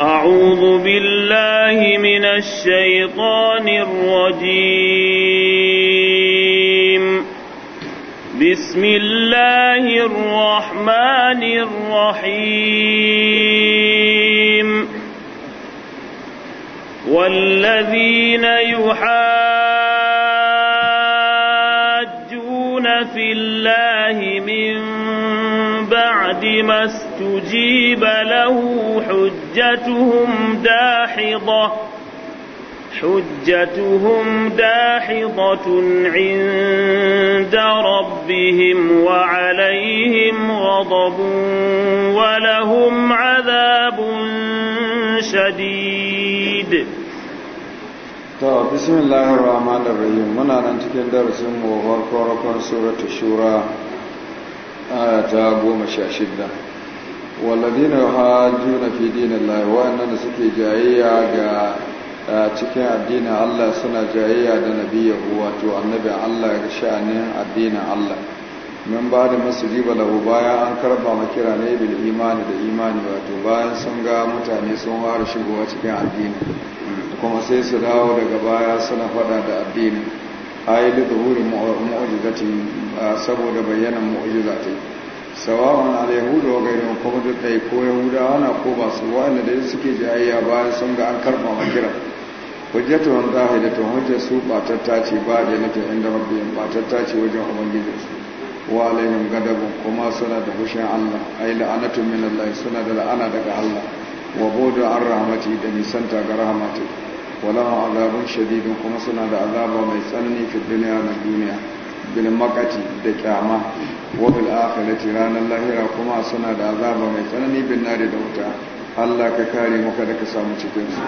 أعوذ بالله من الشيطان الرجيم بسم الله الرحمن الرحيم والذين يحاجون في الله من بعد ما استجيب له حجة حجتهم داحضة حجتهم داحضة عند ربهم وعليهم غضب ولهم عذاب شديد بسم الله الرحمن الرحيم من أن تكون درسهم وغرقوا سورة الشورى آية أبو مشاشدنا walladina hajjuna fi dinillahi wa'annan da suke jayayya ga cikin addinin Allah suna jayayya da nabiyahu wato annabi Allah ga sha'anin addinin Allah min ba da riba lahu bayan an karba makira ne bil imani da imani wato bayan sun ga mutane sun fara shigowa cikin addini kuma sai su dawo daga baya suna fada da addini ayi da zuhurin mu'ujizati saboda bayanan mu'ujizati sawa'un alayhu da wagairun kuma duk ɗai ko yahudawa ana ko ba su inda da suke jayayya bayan sun ga an karɓa makiran a an ta hujjar su batatta ce ba da nata inda rabbihim batatta ce wajen su wa alaihim gadabun kuma suna da hushin Allah ai la'anatun min Allah suna da la'ana daga Allah wa bodu an rahmati da nisanta ga rahamati wa lahum azabun shadidun kuma suna da azaba mai tsanani fi duniya na duniya bil makati da kyama wa bil akhirati ranar lahira kuma suna da azaba mai tsanani bin nari da wuta Allah ka kare muka da ka samu cikin su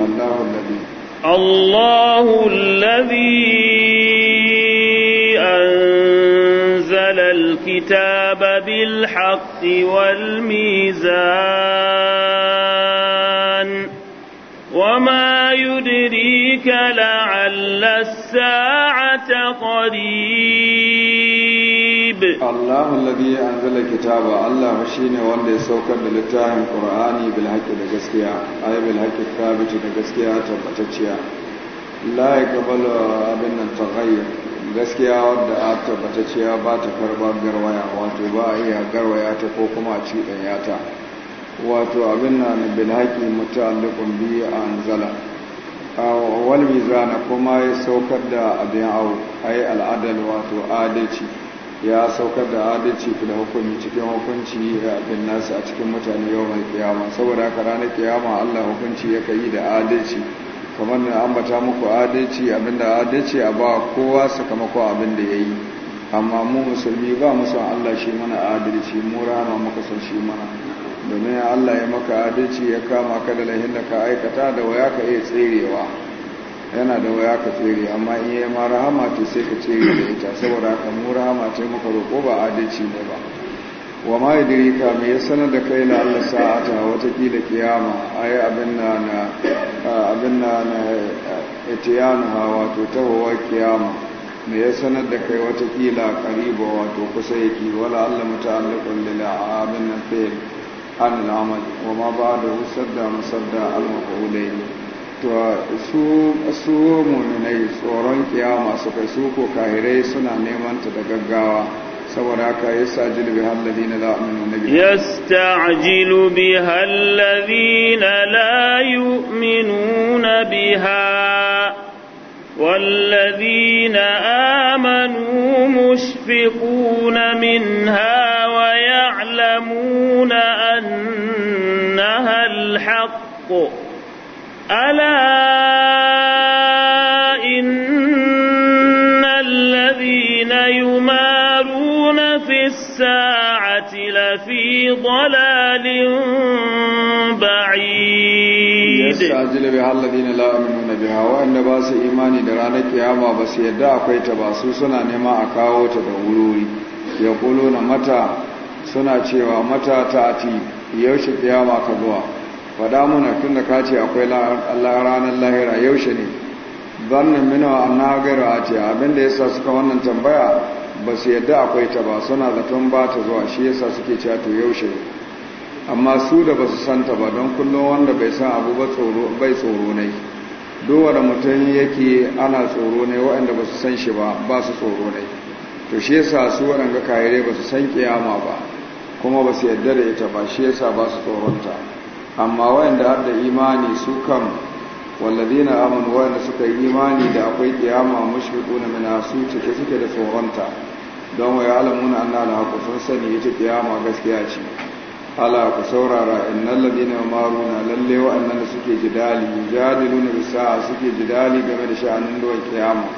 Allahu nabi Allahu alladhi أنزل الكتاب بالحق والميزان وما يدريك لعل الساعة قريب الله الذي أنزل الكتاب الله مشين وانده سوكا للتاهم قرآني بالحق لقسكيا أي بالحق الثابت لقسكيا تبتتشيا لا يقبل أبن التغير gaskiya wadda a tabbatacciya ba ta karɓar garwaya wato ba a iya garwaya ta ko kuma a cuɗanya ta wato abin na nan bil haqi biyu a anzala wal zana kuma ya saukar da abin au yi al'adal wato adalci ya saukar da adalci da hukumi cikin hukunci abin nasu a cikin mutane yau mai kiyama saboda haka ranar kiyama Allah hukunci ya kai da adalci kamar da bata muku adalci abin da adalci a ba kowa sakamako da ya yi amma mu musulmi ba mu san Allah shi mana adalci mu rana muka san shi mana domin Allah ya maka adalci ya kama ka da lahin da ka aikata da waya ka iya tserewa yana da waya ka tsere amma in yi ma rahama ce sai ka tsere da ita saboda ka mu rahama ce muka roƙo ba adalci ne ba wa ma ka me ya sanar da kai na Allah sa'ata wata kila kiyama a yi abin na na na wato tahowa kiyama me ya sanar da kai wata kila kariba wato kusa yake wala Allah muta'alliqun a abin na fi'l عن العمل وما بعده سدا مسدا المفعولين to su su muminai tsoron kiyama su kai su ko kahirai suna neman ta da gaggawa saboda haka yastajilu biha alladhina la yu'minuna biha yastajilu biha alladhina la yu'minuna biha والذين آمنوا مشفقون منها ويعلمون أنها الحق ألا إن الذين يمارون في الساعة لفي ضلال بعيد يستعجل بها الذين لا يؤمنون بها وان باس ايماني da ranar kiyama ba su yadda akwai ta ba su suna nema a kawo ta da wuri na mata suna cewa mata ta ati yaushe kiyama ka zuwa fada muna tunda ka ce akwai ranar lahira yaushe ne zannin minawa an na gaira a ce abinda yasa suka wannan tambaya ba su yadda akwai ta ba suna zaton ba ta zuwa shi yasa suke cewa to yaushe amma su da ba su santa ba don kullum wanda bai san abu ba tsoro bai tsoro ne dowar mutum yake ana tsoro ne waɗanda ba su san shi ba ba su tsoro ne to shi yasa su waɗanda kayare ba su san kiyama ba kuma ba su yarda da ita ba shi yasa ba su tsoronta amma waɗanda har da imani su kan wallazina amanu waɗanda suka yi imani da akwai kiyama mushfiquna minha su cike suke da tsoronta don wa Alamu na al sun sani ita kiyama gaskiya ce ala ku saurara in innal ladina maruna lalle wa'annan suke jidali jadilu na bisa suke jidali game da sha'anin da kiyama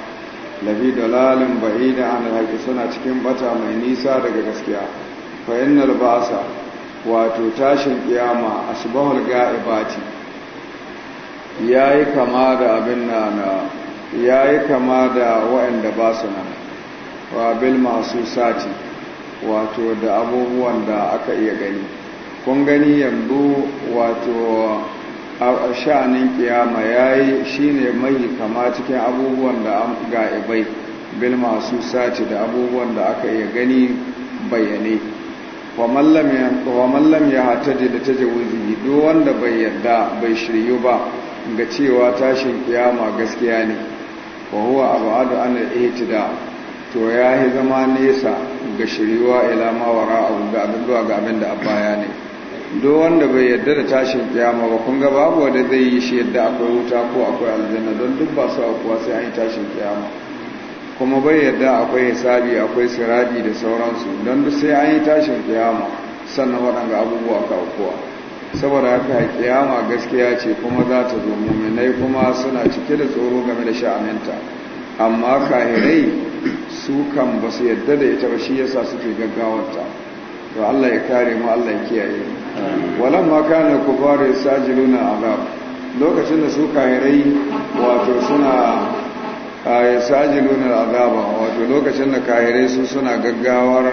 lafi dalalin da an haƙi suna cikin bata mai nisa daga gaskiya fa ba'sa wato tashin kiyama asbahul ga'ibati yayi kama da abin nan yayi kama da wa'anda ba su nan wa bil masu sati wato da abubuwan da aka iya gani kun gani yanzu wato a sha'anin kiyama ya yi shi ne mai kama cikin abubuwan da an bai bil masu sati da abubuwan da aka iya gani bayyane wa mallam ya hataje da ta jawuzi duk wanda bai yadda bai shiryu ba ga cewa tashin kiyama gaskiya ne wa huwa abu adu an da to ya yi zama nesa ga shiriwa ilama wara abu ga abin zuwa ga abin da baya ne do wanda bai yarda da tashin kiyama ba kun ga babu wanda zai yi shi yadda akwai wuta ko akwai aljanna don duk ba su akuwa sai an yi tashin kiyama kuma bai yadda akwai hisabi akwai siradi da sauransu don duk sai an yi tashin kiyama sannan waɗanda abubuwa ka akuwa saboda haka kiyama gaskiya ce kuma za ta zo muminai kuma suna cike da tsoro game da sha'aninta amma kahirai su kan ba su yadda da ita ba shi yasa suke gaggawarta to Allah ya kare mu Allah ya kiyaye walan ma kana kubar sajiluna azab lokacin da su kairai wato suna sajiluna azab wato lokacin da kahirai su suna gaggawar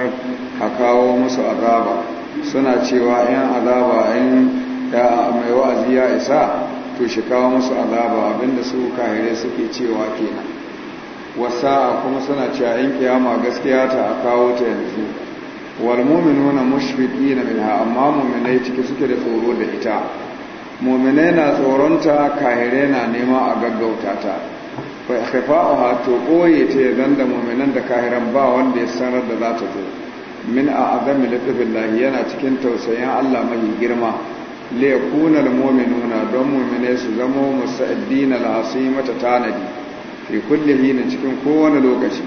a kawo musu azaba suna cewa in azaba in da mai wa'azi ya isa to shi kawo musu azaba abinda su kahirai suke cewa kenan wasa kuma suna cewa in kiyama gaskiya ta a kawo ta yanzu wal mu'minuna mushfiqina minha amma mu'minai ciki suke da tsoro da ita mu'minai na tsoronta kahire na nema a gaggauta ta fa khifa'uha to koye ta yanzu da mu'minan da kahiran ba wanda ya sanar da za ta zo min a azami latifillahi yana cikin tausayin Allah mai girma le kunal mu'minuna don muminai su zamo musaddina al mata tanadi fi kulli na cikin kowane lokaci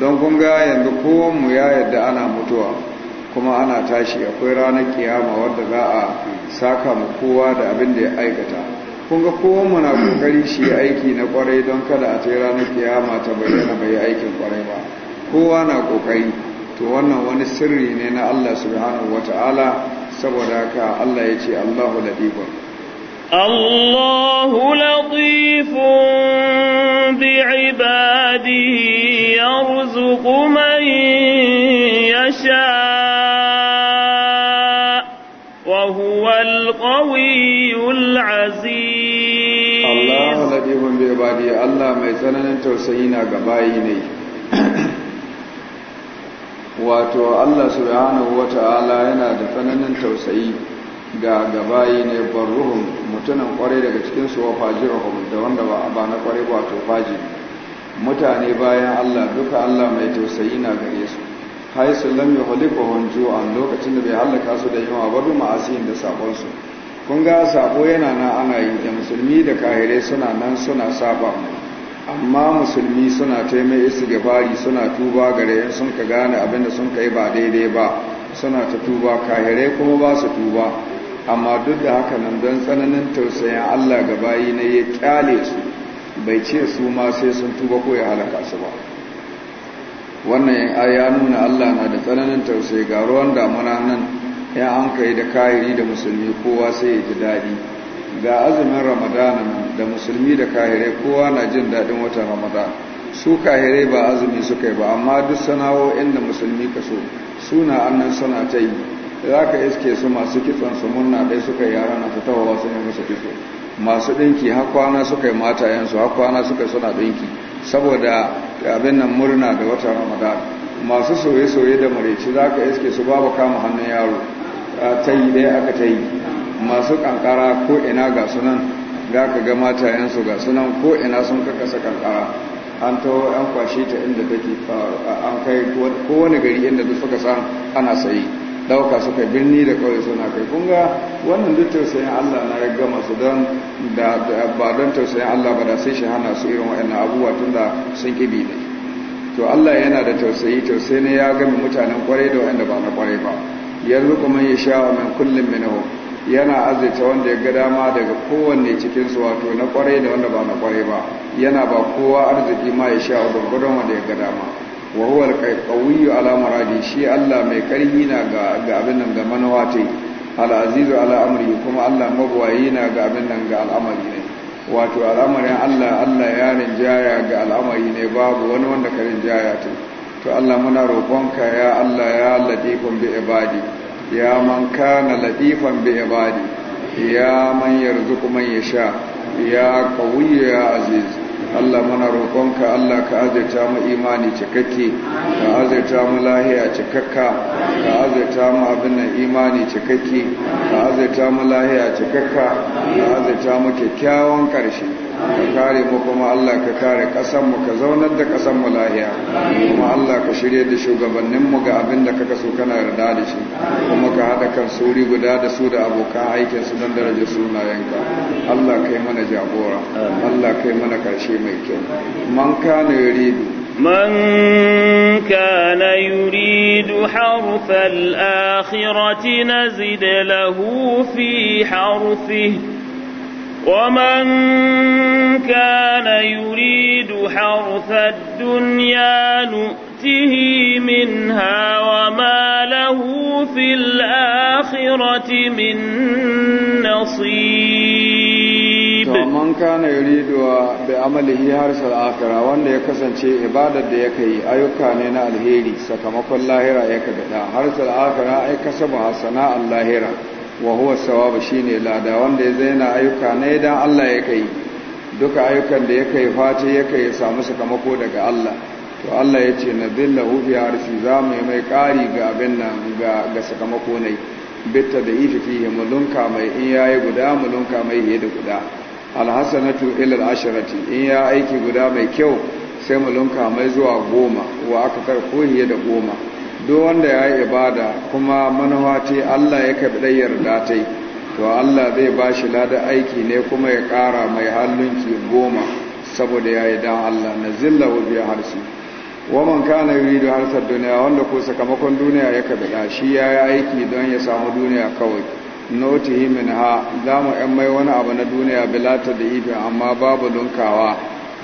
don kun ga yanzu kowanmu ya yadda ana mutuwa kuma ana tashi akwai ranar kiyama wadda za a saka mu kowa da abin da ya aikata kun ga kowan na kokari shi aiki na kwarai don kada a ce ranar kiyama ta bayyana bai aikin kwarai ba kowa na kokari to wannan wani sirri ne na Allah subhanahu wataala saboda haka Allah ya ce Allahu ladibun الله لطيف بعباده يرزق من يشاء وهو القوي العزيز الله لطيف بعباده الله ما يسنن توسينا غبايني wato Allah subhanahu wa ta'ala yana da ga gabayi ne barruhum mutunan kwarai daga cikinsu wa fajirahum da wanda ba ba na kwarai ba to faji mutane bayan Allah duka Allah mai tausayi na gare su haisu lam yuhlikuhum a lokacin da bai halaka su da yawa ba bi asirin da sabonsu su kun ga sabo yana nan ana yi da musulmi da kahirai suna nan suna saba amma musulmi suna taimai gabari suna tuba gare in sun ka gane abinda sun ka yi ba daidai ba suna ta tuba kahirai kuma ba su tuba amma duk da haka nan don tsananin tausayin Allah ga bayi na ya kyale su bai ce su ma sai sun tuba ko ya halaka su ba wannan ya nuna Allah na da tsananin tausayi ga ruwan damuna nan ya an kai da kayiri da musulmi kowa sai ya ji daɗi ga azumin ramadana da musulmi da kayirai kowa na jin daɗin watan ramadana su kayirai ba azumi suka yi ba amma duk sana'o'in da musulmi ka so suna annan sana ta yi za ka iske su masu kitson su munna dai suka yi yara na fitowa wasu ne musu kitso masu ɗinki har kwana suka yi matayensu har kwana suka suna ɗinki saboda abin nan murna da wata ramadan masu soye-soye da maraici za ka iske su babu kama hannun yaro ta yi dai aka ta yi masu kankara ko ina ga sunan za ka ga matayensu ga sunan ko ina sun kakasa kankara an taho an kwashe ta inda take an kai kowane gari inda duk suka san ana sayi Dauka suka birni da kawai suna kai kunga wannan duk tausayin Allah na ya gama su don da ba don tausayin Allah ba da sai shi hana su irin waɗannan abubuwa tun da sun kibi ne to Allah yana da tausayi tausayi ne ya gami mutanen kwarai da waɗanda ba na kwarai ba yanzu kuma ya sha wa min kullum minahu yana azaita wanda ya ga dama daga kowanne cikin su wato na kwarai da wanda ba na kwarai ba yana ba kowa arziki ma ya sha wa gurgurdan wanda ya ga dama wa huwa al-qawiyyu ala maradi shi Allah mai karhi na ga ga abin nan ga manawa tai al-azizu ala amri kuma Allah magwayi na ga abin nan ga al'amari ne wato al'amarin Allah Allah ya rinjaya ga al'amari ne babu wani wanda ka rinjaya ta to Allah muna roƙonka ya Allah ya latifan bi ibadi ya man kana latifan bi ibadi ya man yarzuqu man yasha ya qawiyyu ya azizu Allah muna roƙonka Allah ka azurta mu imani cikakke ka azurta mu lahiya cikakka ka azurta mu abin imani cikakke ka azurta mu lahiya cikakka ka azurta mu kyakkyawan ƙarshe ka kare mu kuma Allah ka kare ƙasanmu ka zaunar da ƙasanmu lahiya kuma Allah ka shirya da shugabanninmu ga abin da kaka so kana yarda da shi kuma ka haɗa kan suri guda da su da abokan aikinsu don daraja sunayenka Allah kai mana jagora Allah kai mana ƙarshe mai kyau man kana yuridu من كان يريد حرث الآخرة نزد له في حرثه ومن كان يريد حرث الدنيا نؤته منها وما له في الآخرة من نصيب ومن كان يريد بعمله حرث الآخرة وان يكسن شيء عبادة يكي أيوكا الهيلي الهيري الله رأيك بدا حرث الآخرة أي كسبها الله رأيك wa huwa sawabu shine lada wanda ya zaina ayyuka ne idan Allah ya kai duka ayyukan da ya kai face ya kai ya samu sakamako daga Allah to Allah ya ce na zillahu bi arsi za mu yi mai kari ga abin nan ga ga sakamako ne bitta da ifi fihi mulunka mai in yayi guda mulunka mai hiye da guda alhasanatu ila asharati in ya aiki guda mai kyau sai mulunka mai zuwa goma wa aka ko hiye da goma duk wanda ya yi ibada kuma manawa ce Allah ya kaɓi yarda ta to Allah zai ba shi lada aiki ne kuma ya ƙara mai hallunki goma saboda ya yi don Allah na zilla wa biya harsi waman kana yi da harsar duniya wanda ko sakamakon duniya ya kaɓi shi ya yi aiki don ya samu duniya kawai noti min ha za mu ‘yan mai wani abu na duniya bilata da ifin amma babu dunkawa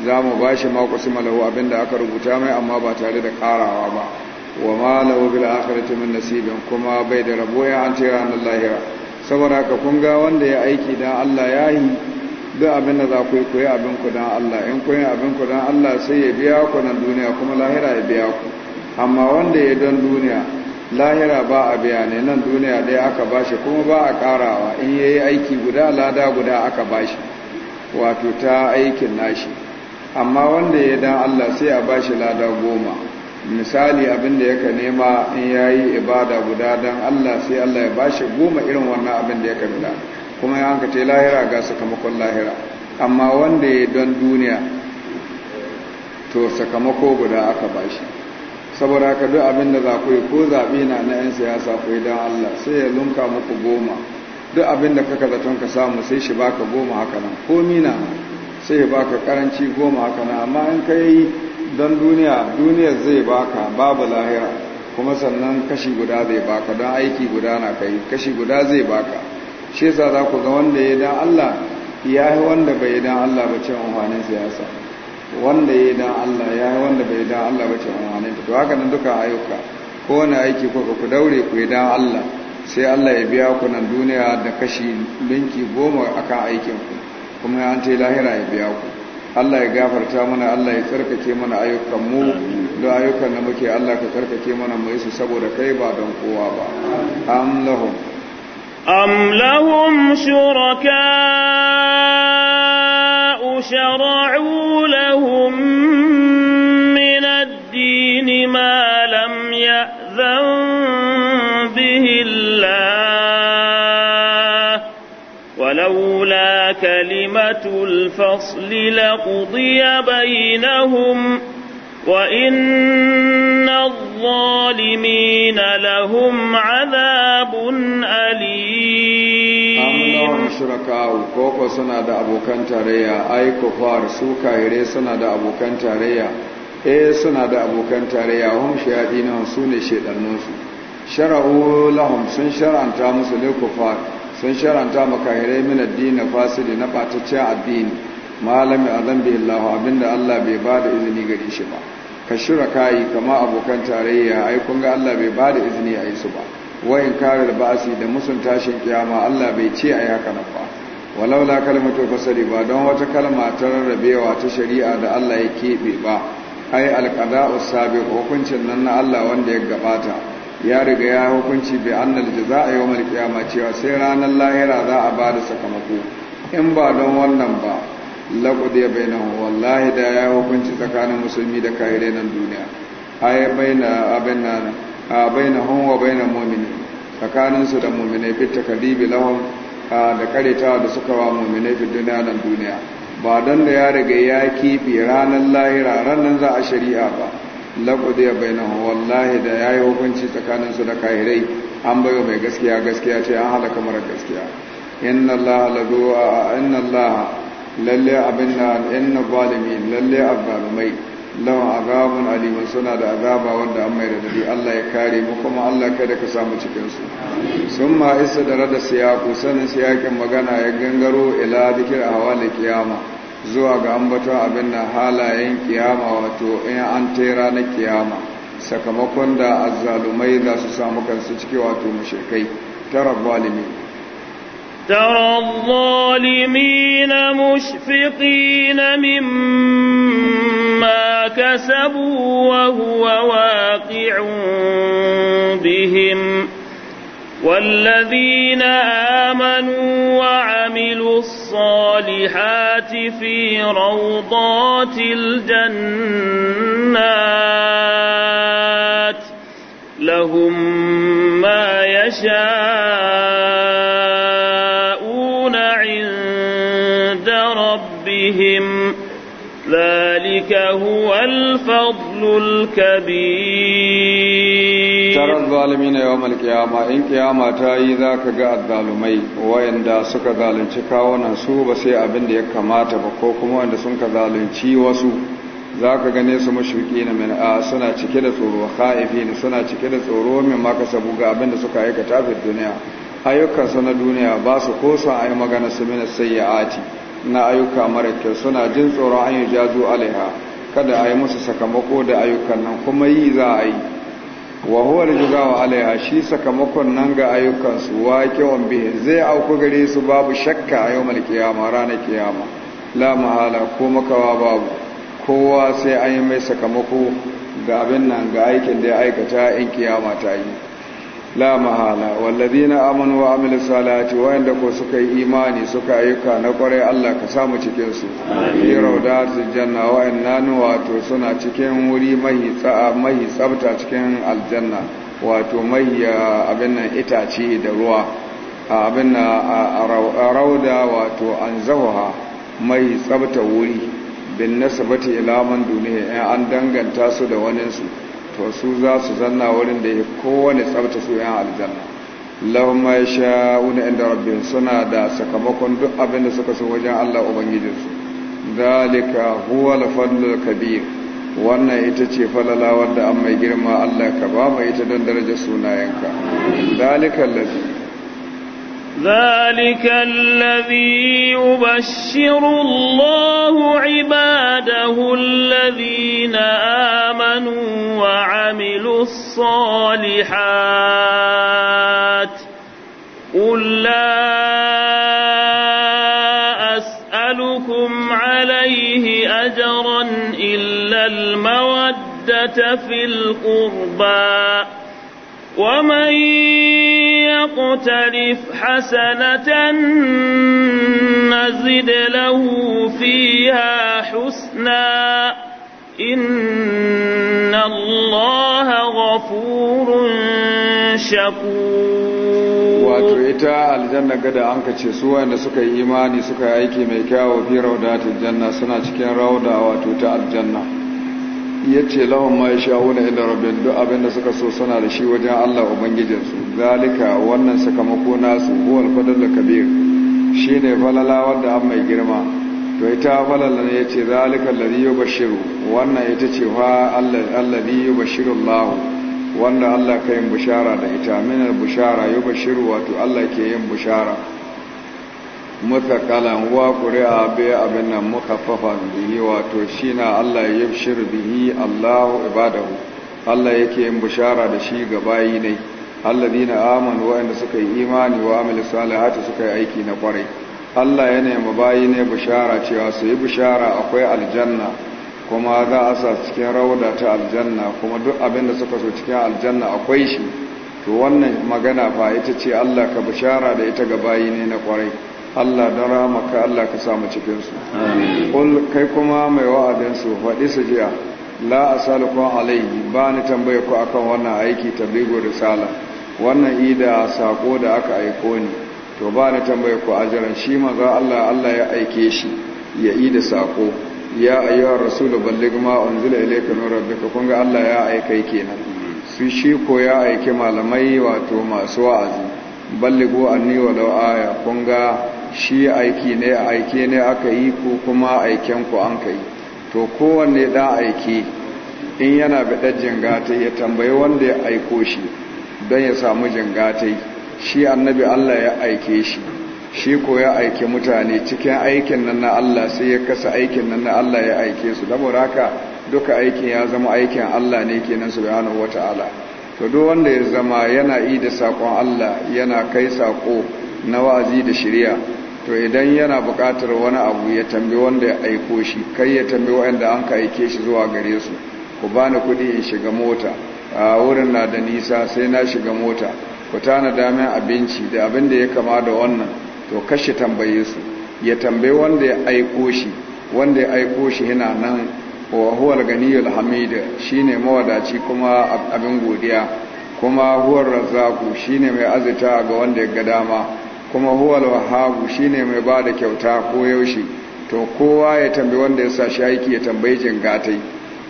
za mu ba shi makwasi malahu abinda aka rubuta mai amma ba tare da karawa ba wa ma lahu bil akhirati min nasibin kuma bai da rabo ya an ce ranar lahira saboda haka kun ga wanda ya aiki dan Allah ya yi duk abin da za ku yi koyi abin ku dan Allah in ku yi abin ku dan Allah sai ya biya ku na duniya kuma lahira ya biya ku amma wanda ya don duniya lahira ba a biya ne nan duniya dai aka bashi kuma ba a karawa in yayi aiki guda lada guda aka bashi wato ta aikin nashi amma wanda ya dan Allah sai a bashi lada goma misali abin da yaka nema in yayi ibada guda dan Allah sai Allah ya bashi goma irin wannan abin da yaka nuna kuma ya hanka tai lahira ga sakamakon lahira amma wanda ya don duniya to sakamako guda aka bashi saboda haka duk abin da za ku yi ko zaɓi na na 'yan siyasa ku yi don Allah sai ya lunka muku goma duk abin da kaka zaton ka samu sai shi baka goma haka nan ko mina sai ya baka karanci goma haka nan amma in ka yi don duniya duniyar zai baka babu lahira kuma sannan kashi guda zai baka don aiki guda na kai kashi guda zai baka shi yasa za ku ga wanda ya dan Allah ya yi wanda bai dan Allah ba ce wani siyasa wanda ya dan Allah ya yi wanda bai dan Allah ba ce ta to haka nan duka ayyuka ko wani aiki ko ku daure ku yi dan Allah sai Allah ya biya ku nan duniya da kashi linki goma akan aikinku kuma an ce lahira ya biya ku Allah ya gafarta mana Allah ya tsarkake mana ayyukan mu da ayyukan da muke Allah ka tsarkake mana mu su saboda kai ba don kowa ba am lahum am lahum shuraka shara'u lahum min ad-din ma lam ya'zan لكلمة الفصل لقضي بينهم وإن الظالمين لهم عذاب أليم أم لهم شركاء كوكو سنة أبو كنتاريا أي كفار سوكا إيري سنة أبو كنتاريا eh suna da abokan tarayya hum shayadinahum sune shedanninsu shara'u lahum sun shar'anta musu lil kufar sun sharanta makahirai min addini fasidi na ɓatacciyar addini malami a zambe Allah abinda Allah bai ba da izini gare shi ba ka shura kayi kama abokan tarayya ai kun ga Allah bai ba da izini a isu su ba wayin karar ba'asi da musun tashin kiyama Allah bai ce a haka nan ba walau la kalmatu fasari ba don wata kalma ta rarrabewa ta shari'a da Allah ya keɓe ba ai alqada'u sabiq hukuncin nan na Allah wanda ya gabata ya riga ya hukunci bi annal jaza a yau cewa sai ranar lahira za a ba da sakamako in ba don wannan ba laqad ya bai wallahi da ya hukunci tsakanin musulmi da kahirai nan duniya a baina bai na a bai na wa baina na momini tsakaninsu da mu'minai fi takadibi lahum da karetawa da suka wa mu'minai fi duniya nan duniya ba don da ya riga ya kifi ranar lahira ranar za a shari'a ba laƙudiya bai na wallahi da ya yi hukunci tsakaninsu da kahirai an bai mai gaskiya gaskiya ce an halaka mara gaskiya inna allaha ladu a inna allaha lalle abin na inna balimi lalle azzalumai lawan azabun aliman suna da azaba wanda an mai radadi Allah ya kare mu kuma Allah kada ka samu cikinsu sun ma isa da rada siyaku sanin siyakin magana ya gangaro ila zikir a hawa da kiyama zuwa ga ambaton abin na halayen kiyama wato in an tera na kiyama sakamakon da azzalumai za su samu kansu ciki wato mashirkai tara zalimi na الظالمين مشفقين مما كسبوا وهو واقع والذين آمنوا وعملوا الصالحات في روضات الجنات لهم ما يشاءون عند ربهم ذلك هو الفضل الكبير ترى الظالمين يوم القيامة إن قيامة تأيي ذاك قاعد ظالمي وإن دا سكا ظالم شكاونا سو بسي أبن دي كماتا بكوكم وإن دا سنكا ظالم شي وسو ذاك غنيس مشركين من آسنا چكدا صور وخائفين سنا چكدا صور من ما كسبوغا أبن دا سكا يكتا في الدنيا ayyukan sa na duniya ba su kosa a yi magana su mina sayyati na ayyuka mara kyau suna jin tsoron an yi jazu alaiha kada a yi musu sakamako da ayyukan nan kuma yi za a yi wa huwa wa alaiha shi sakamakon nan ga ayyukansu waqi'un bihi zai auku gare su babu shakka a yawmal qiyama ranar kiyama la mahala ko makawa babu kowa sai an yi mai sakamako ga abin nan ga aikin da ya aikata in kiyama ta yi la mahala wallazina amanu wa amilu salati wayanda ko suka yi imani suka ayyuka na kwarai Allah ka samu cikin su fi rawdatil janna wayannan wato suna cikin wuri mahi tsaa mai tsabta cikin aljanna wato mai abin nan itace da ruwa abin nan rawda wato anzawaha mai tsabta wuri bin nasabati ila man duniya an danganta su da waninsu to su za su zanna wurin da ya kowane tsabta su yan aljanna lahum ma yasha'una inda rabbihim suna da sakamakon duk abin da suka so wajen Allah ubangijinsu dalika huwa al kabir wannan ita ce falala wadda an mai girma Allah ka ba mu ita don darajar sunayenka dalika ladhi ذلك الذي يبشر الله عباده الذين آمنوا وعملوا الصالحات قل لا أسألكم عليه أجرا إلا المودة في القربى ومن يقترف حسنة نزد له فيها حسنا إن الله غفور شكور واتو الجنة قد أنك تشسوا أن سكا إيماني سكا أيكي ميكاو في روضات الجنة سنة كين روضة واتو الجنة. ya ce lawan ma ya wuna inda rabin duk abinda suka so suna da shi wajen Allah Ubangijinsu zalika wannan sakamako nasu huwal fadalla kabir shi ne falala wadda an mai girma to ita falala ne ya ce zalika lari yi bashiru wannan ita ce fa ni yi bashirun lahu wanda Allah ka yin bushara da ita minar bushara yi bashiru wato Allah ke yin bushara mutakalan wa ƙuri'a bai abin nan mutaffafan bihi wato shi na Allah ya yabshir bihi Allahu ibadahu Allah yake yin bishara da shi ga bayi ne Allah dina amanu waɗanda suka yi imani wa amilu salihati suka yi aiki na kwarai Allah ya nemi bayi ne bishara cewa su yi bishara akwai aljanna kuma za a sa cikin rauda ta aljanna kuma duk abin da suka so cikin aljanna akwai shi to wannan magana fa ita ce Allah ka bishara da ita ga bayi ne na kwarai Allah rama ramaka Allah ka samu cikinsu ƙul kai kuma mai wa'adinsu faɗi su jiya la a salukun alaihi ba ni tambaye ku kan wannan aiki tabligo risala wannan ida sako da aka aiko ni to ba ni tambaye ku jiran shi maza Allah Allah ya aike shi ya ida sako ya ayyuhar rasulu balligh ma unzila ilayka min rabbika kun ga Allah ya aike kenan su shi ko ya aike malamai wato masu wa'azi balligo anni walau aya kun ga shi aiki ne a ne aka yi ko kuma aiken ku an ka yi to kowanne da aiki, in yana biɗar jingatai ya tambayi wanda ya aiko shi don ya samu jingatai shi annabi Allah ya aike shi shi ko ya aike mutane cikin aikin nan na Allah sai ya kasa aikin nan na Allah ya aike su saboda duka aikin ya zama aikin Allah ne kenan subhanahu wataala to duk wanda ya zama yana yi da sakon Allah yana kai sako na wa'azi da shari'a to idan yana buƙatar wani abu ya tambi wanda ya aiko shi kai ya tambi wanda an ka aike shi zuwa gare su ku bani kuɗi in shiga mota a wurin na da nisa sai na shiga mota ku tana damin abinci da abin da ya kama da wannan to kashe tambaye su ya tambi wanda ya aiko shi wanda ya aiko shi yana nan wa huwal Alhamid shi ne mawadaci kuma abin godiya kuma huwar razzaku ne mai azita ga wanda ya ga dama kuma huwal wahabu shine mai ba da kyauta ko yaushe to kowa ya tambayi wanda ya sa shi aiki ya tambayi jingatai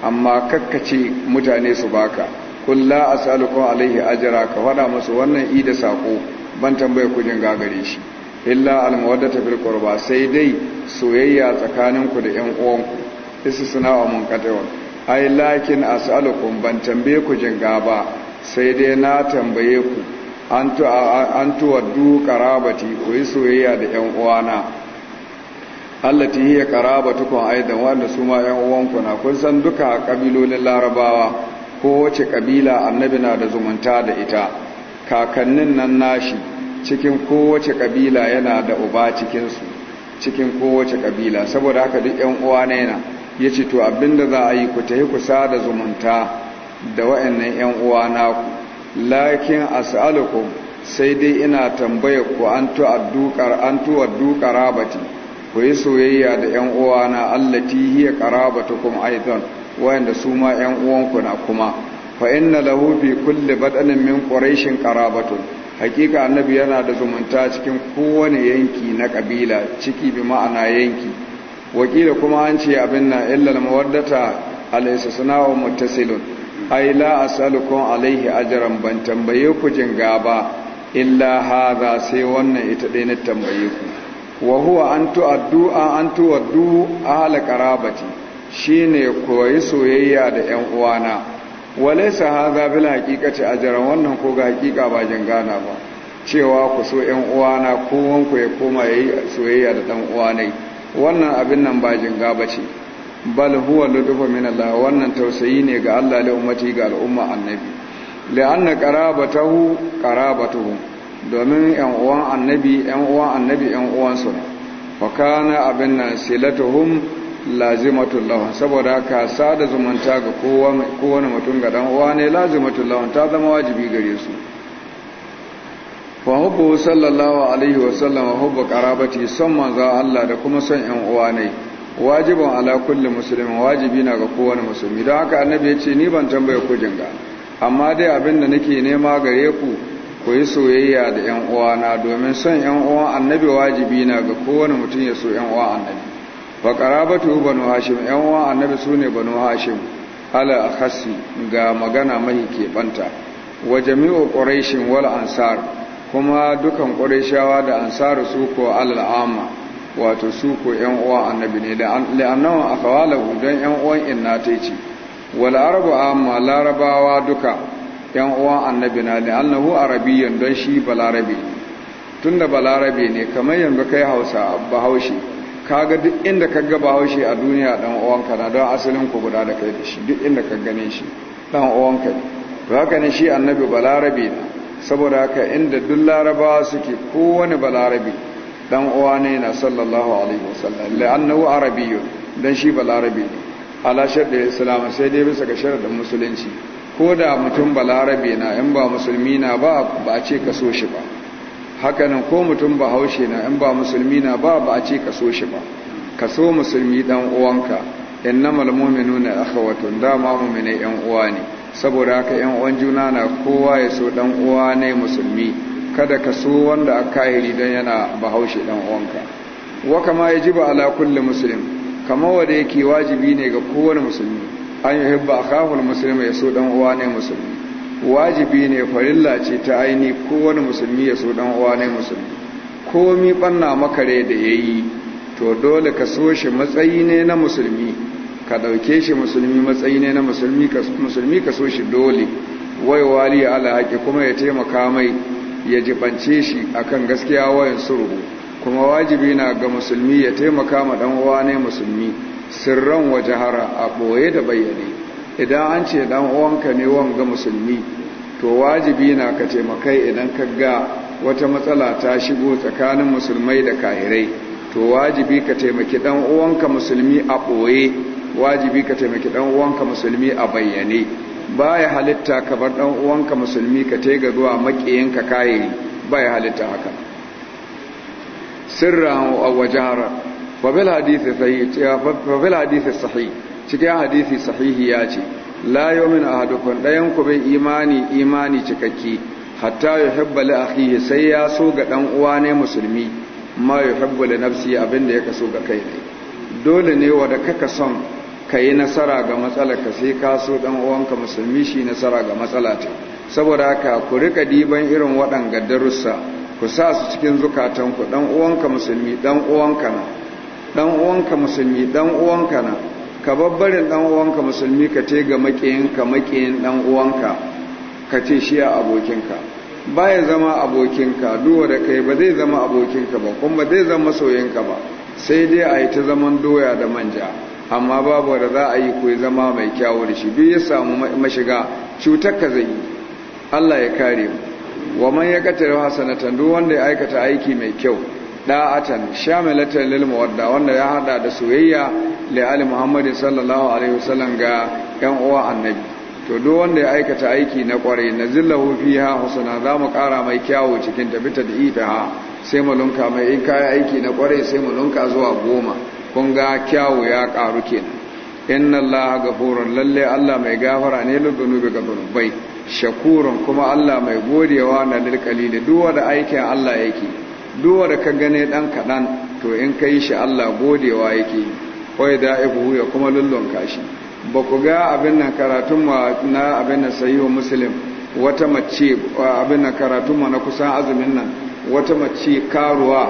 amma kakkace mutane su baka kulla as'alukum alaihi ajra ka fada musu wannan i da sako ban tambaye ku jinga gare shi illa almawaddata fil qurba sai dai soyayya tsakaninku da ƴan uwanku suna wa mun kadewa ai lakin as'alukum ban tambaye ku jinga ba sai dai na tambaye ku an tuwaddu karabati ku yi soyayya da ‘yan uwana Allah ta allati hiya karabatukum aida wanda su ma ‘yan uwanku na kun san duka kabilolin larabawa kowace kabila annabi na da zumunta da ita kakannin nan nashi cikin kowace kabila yana da uba cikinsu cikin kowace kabila saboda haka duk ‘yan uwa na yana ya ce to abinda za a yi ku tafi kusa da zumunta da wa'annan ‘yan uwa naku lakin as'alukum sai dai ina tambayar ku an tu'addukar an ku yi soyayya da ƴan uwana allati hiya qarabatukum aidan wayanda su ma ƴan uwanku na kuma fa inna lahu fi kulli badanin min quraishin qarabatun hakika annabi yana da zumunta cikin kowane yanki na ƙabila, ciki bi ma'ana yanki wakila kuma an ce abin na illal mawaddata alaysa istisna muttasilun ai la as'alukum alaihi ajran ban tambaye ku jinga ba illa hadha sai wannan ita dai na tambaye ku wa huwa an addu'a an waddu ahla qarabati shine koyi soyayya da ƴan uwana walaysa hadha bil haqiqati ajran wannan ko ga haqiqa ba gana ba cewa ku so ƴan uwana kowan ku ya koma yayi soyayya da dan uwanai wannan abin nan ba jinga ce. bal huwa lutufu min Allah wannan tausayi ne ga Allah da ummati ga al'umma annabi li'anna qarabatahu qarabatuhum domin yan uwan annabi yan uwan annabi yan uwan su fa kana abin nan silatuhum lazimatul lahu saboda ka sada zumunta ga kowa kowane mutum ga dan uwa ne lazimatul lahu ta zama wajibi gare su fa hubbu sallallahu alaihi wa sallam hubbu qarabati sun manzo Allah da kuma son yan uwa ne wajibin ala kulli musulmi wajibi na ga kowane musulmi don haka annabi ya ce ni ban tambaye ku jinga amma dai abin da nake nema gare ku ku yi soyayya da yan uwana domin son yan uwan annabi wajibi na ga kowane mutum ya so yan uwan annabi wa qarabatu banu hashim yan uwan annabi sune banu hashim ala khassi ga magana mai banta wa jami'u quraishin wal ansar kuma dukan quraishawa da ansaru su ko al amma wato su ko yan uwa annabi ne la'annahu akawalahu dan yan uwan inna ta ce wal arabu amma larabawa duka yan uwan annabi na annahu arabiyyan dan shi balarabe tunda balarabe ne kamar yanzu kai Hausa bahaushe kaga duk inda kaga bahaushe a duniya dan uwan ka na don asalin ku guda da kai da shi duk inda ka gane shi dan ka ne to haka ne shi annabi balarabe saboda haka inda duk larabawa suke kowane balarabe dan uwa ne na sallallahu alaihi wasallam la'annahu arabiyyu dan shi balarabi ne ala sharɗin islam sai dai bisa ga sharadin musulunci ko da mutum balarabe na in ba musulmi na ba ba a ce ka so shi ba hakanan ko mutum ba haushe na in ba musulmi na ba ba a ce ka so shi ba ka so musulmi dan uwanka innamal mu'minuna akhawatun dama mu'minai yan uwa ne saboda haka yan uwan juna na kowa ya so dan uwa ne musulmi kada ka so wanda aka kahiri don yana bahaushe dan uwanka wa kama yajibu ala kulli muslim kama wanda yake wajibi ne ga kowane musulmi an yuhibba akahu almuslim ya so dan uwa ne musulmi wajibi ne farilla ce ta aini kowane musulmi ya so dan uwa ne musulmi komi banna makare da yayi to dole ka so shi matsayi ne na musulmi ka dauke shi musulmi matsayi ne na musulmi ka musulmi ka so shi dole wai wali ala haƙi kuma ya taimaka mai ya jibance shi akan gaskiya wayan suruhu kuma wajibi na ga musulmi ya taimaka ma dan uwa ne musulmi sirran wa jahara a boye da bayyane idan an ce dan uwanka ne wanga musulmi to wajibi na ka taimakai idan ka ga wata matsala ta shigo tsakanin musulmai da kahirai to wajibi ka taimaki dan uwanka musulmi a boye wajibi ka taimaki dan uwanka musulmi a bayyane ba ya halitta ka bar ɗan uwanka musulmi ka te ga zuwa maƙiyanka kayiri ba ya halitta haka sirran a wajahara fabil hadisi sahi cikin hadisi sahihi ya ce Layomin a hadukun ɗayan ku bai imani imani cikakki hatta ya hibbali a sai ya so ga ɗan uwa ne musulmi ma ya hibbali nafsi abinda ya kaso ga kai ne dole ne wa da kaka son ka yi nasara ga matsala ka sai ka so ɗan uwanka musulmi shi nasara ga matsala ta saboda haka ku rika diban irin waɗanga darussa ku sa su cikin zukatanku ɗan uwanka musulmi ɗan uwanka na ɗan uwanka musulmi ɗan uwanka na ka babbarin ɗan uwanka musulmi ka te ga makiyin ka makiyin ɗan uwanka ka ce shi a abokinka baya zama abokinka duwa da kai ba zai zama abokinka ba kuma ba zai zama masoyinka ba sai dai a yi ta zaman doya da manja amma babu da za a yi ko zama mai kyawu da shi duk ya samu mashiga cutar ka zai Allah ya kare mu wa man ya katar hasanatan duk wanda ya aikata aiki mai kyau da'atan shamilatan lil mawadda wanda ya hada da soyayya li ali muhammadin sallallahu alaihi wasallam ga yan uwa annabi to duk wanda ya aikata aiki na kware na zillahu fiha husna za mu kara mai kyawu cikin tabita da ifaha sai mu lunka mai in kai aiki na kware sai mu lunka zuwa goma kun ga kyawu ya karu kenan inna allaha ghafurun lalle allah mai gafara ne lil dhunubi ga shakurun kuma allah mai godewa na lil qalili duwa da aikin allah yake duwa da ka gane dan kadan to in kai shi allah godewa yake da ibu ya kuma lullun kashi ba ku ga abin nan karatun na abin nan sahihu muslim wata mace abin nan karatun na kusan azumin nan wata mace karuwa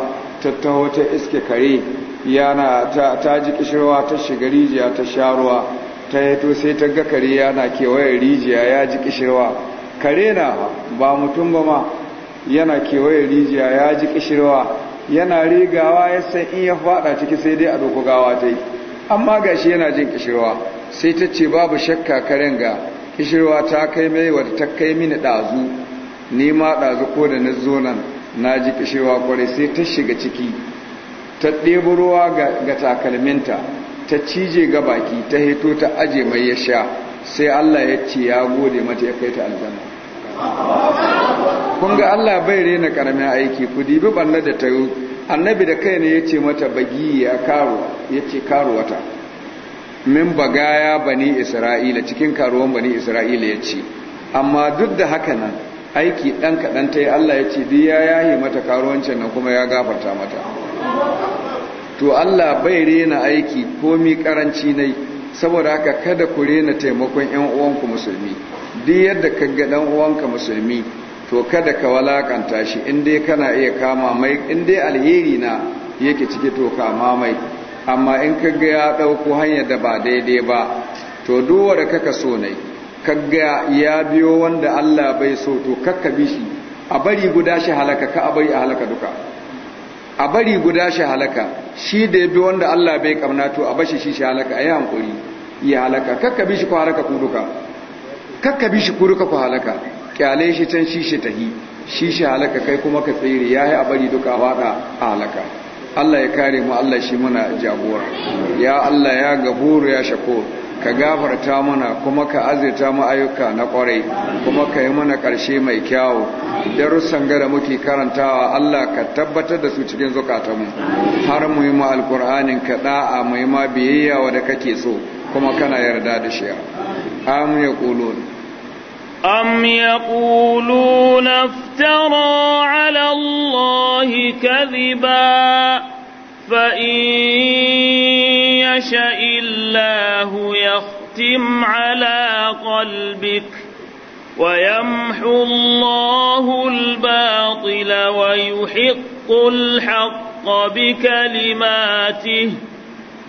ta taho ta iske kare yana ta ji kishirwa ta shiga rijiya ta sha ruwa ta yato sai ta ga kare yana kewayen rijiya ya ji kishirwa kare na ba mutum ba ma yana kewayen rijiya ya ji kishirwa yana rigawa ya san in ya fada ciki sai dai a doku gawa ta yi amma ga shi yana jin kishirwa sai ta ce babu shakka karen ga kishirwa ta kai mai wata ta kai mini ɗazu ni ma ɗazu ko da na zo nan na ji kishirwa kwarai sai ta shiga ciki ta ɗebo ruwa ga takalminta ta cije ga baki ta hito ta aje mai ya sha sai Allah ya ce ya gode mata ya kai ta aljanna kun ga Allah bai rena karamin aiki ku dibi balla da ta yi annabi da kai ne ya ce mata bagi ya karuwa ya ce wata min bagaya bani isra'ila cikin karuwan bani isra'ila ya ce amma duk da haka nan aiki ɗan kaɗan ta yi Allah ya ce duk ya yahi mata karuwancin nan kuma ya gafarta mata to Allah bai rena aiki ko mi karanci nai saboda haka kada ku rena taimakon ƴan uwanku musulmi duk yadda ka ga dan uwanka musulmi to kada ka walakanta shi in dai kana iya kama mai in dai alheri na yake cike to kama mai amma in ka ga ya dauko hanyar da ba daidai ba to duwar kaka so nai kaga ya biyo wanda Allah bai so to kakka bi shi a bari guda shi halaka ka a bari a halaka duka a bari guda shi halaka shi da ya bi wanda Allah bai kamna to a bashi shi shi halaka yi hankuri ya halaka kakka bi shi ku halaka ku duka kakka bi shi ku duka ku halaka kyale shi can shi shi tahi shi shi halaka kai kuma ka tsere yi a bari duka wada a halaka Allah ya kare mu Allah shi muna jagora ya Allah ya gaburu ya shakur ka gafarta mana kuma ka azirta mu na kwarai kuma ka yi mana ƙarshe mai kyawu darussan gada muke karantawa Allah ka tabbatar da su cikin mu. har mu yi ma alkur'anin ka da'a mu yi ma biyayya wa da kake so kuma kana yarda da shi am yaqulun أم يقولون افترى على الله كذبا يشأ الله يختم على قلبك ويمحو الله الباطل ويحق الحق بكلماته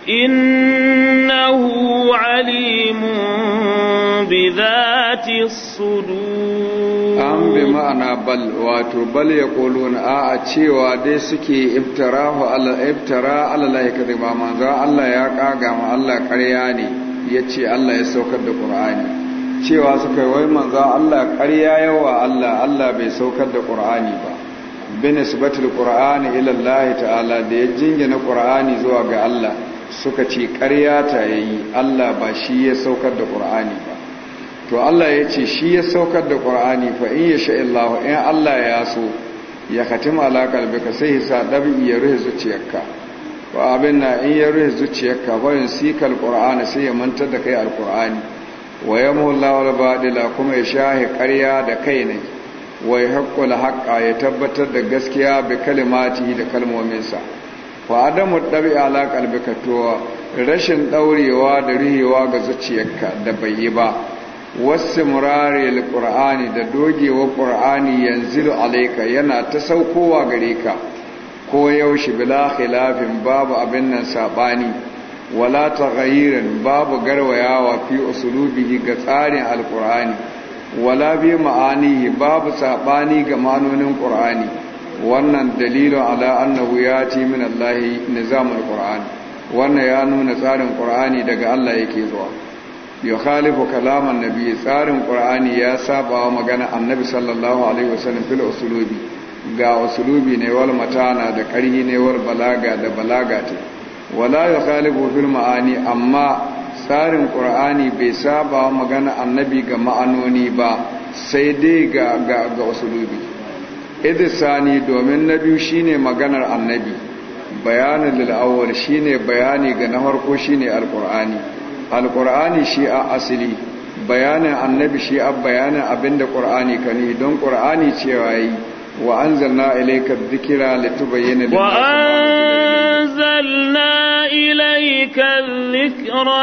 إنه عليم بذات الصدور an bi ma'ana bal wato bal ya koluna ابتراه على cewa dai suke iftarahu iftara الله ya kadima الله Allah ya kaga ma Allah ƙarya ne Allah ya saukar da cewa suka yi wai manzo Allah ƙarya yawa Allah Allah bai saukar da Qur'ani ba bin isbatul Qur'ani ila Allah ta'ala da ya jingina Qur'ani zuwa ga Allah suka ce ƙarya ta yayi Allah ba shi ya saukar da ƙur'ani ba to Allah ya ce shi ya saukar da ƙur'ani fa in ya sha'illahu in Allah ya so ya katima alaƙar ka sai sa ɗabi ya ruhe zuciyarka ba abin na in ya ruhe zuciyarka bayan sikar ƙur'ani sai ya mantar da kai alƙur'ani wa ya mullawar baɗila kuma ya shahe ƙarya da kai ne wa ya haƙƙula haƙƙa ya tabbatar da gaskiya bai kalimati da kalmominsa fa adamu dabi ala qalbika to rashin daurewa da rihewa ga zuciyarka da bai yi ba wasu murare alqur'ani da dogewa qur'ani yanzu alayka yana ta saukowa gare ka ko yaushe bila khilafin babu abin nan sabani wala taghayyirin babu garwayawa fi usulubihi ga tsarin alqur'ani wala bi ma'anihi babu sabani ga manonin qur'ani wannan dalilu ala annahu ya ci min Allahi nizamul Qur'ani wannan ya nuna tsarin Qur'ani daga Allah yake zuwa ya khalifu kalaman nabi tsarin Qur'ani ya saba wa magana annabi sallallahu alaihi wasallam fil usulubi ga usulubi ne wal matana da karhi ne wal balaga da balaga ta wala ya khalifu fil ma'ani amma tsarin ƙur'ani bai saba magana annabi ga ma'anoni ba sai dai ga usulubi idisani domin na biyu shine maganar annabi bayanin lil'awwal shine bayani ga na farko shine alqur'ani alqur'ani shi a asili bayanin annabi shi a bayanin abinda ka kani don ƙur'ani cewa yi wa anzalna ilayka dhikra litubayyana lin-nasi wa anzalna ilayka dhikra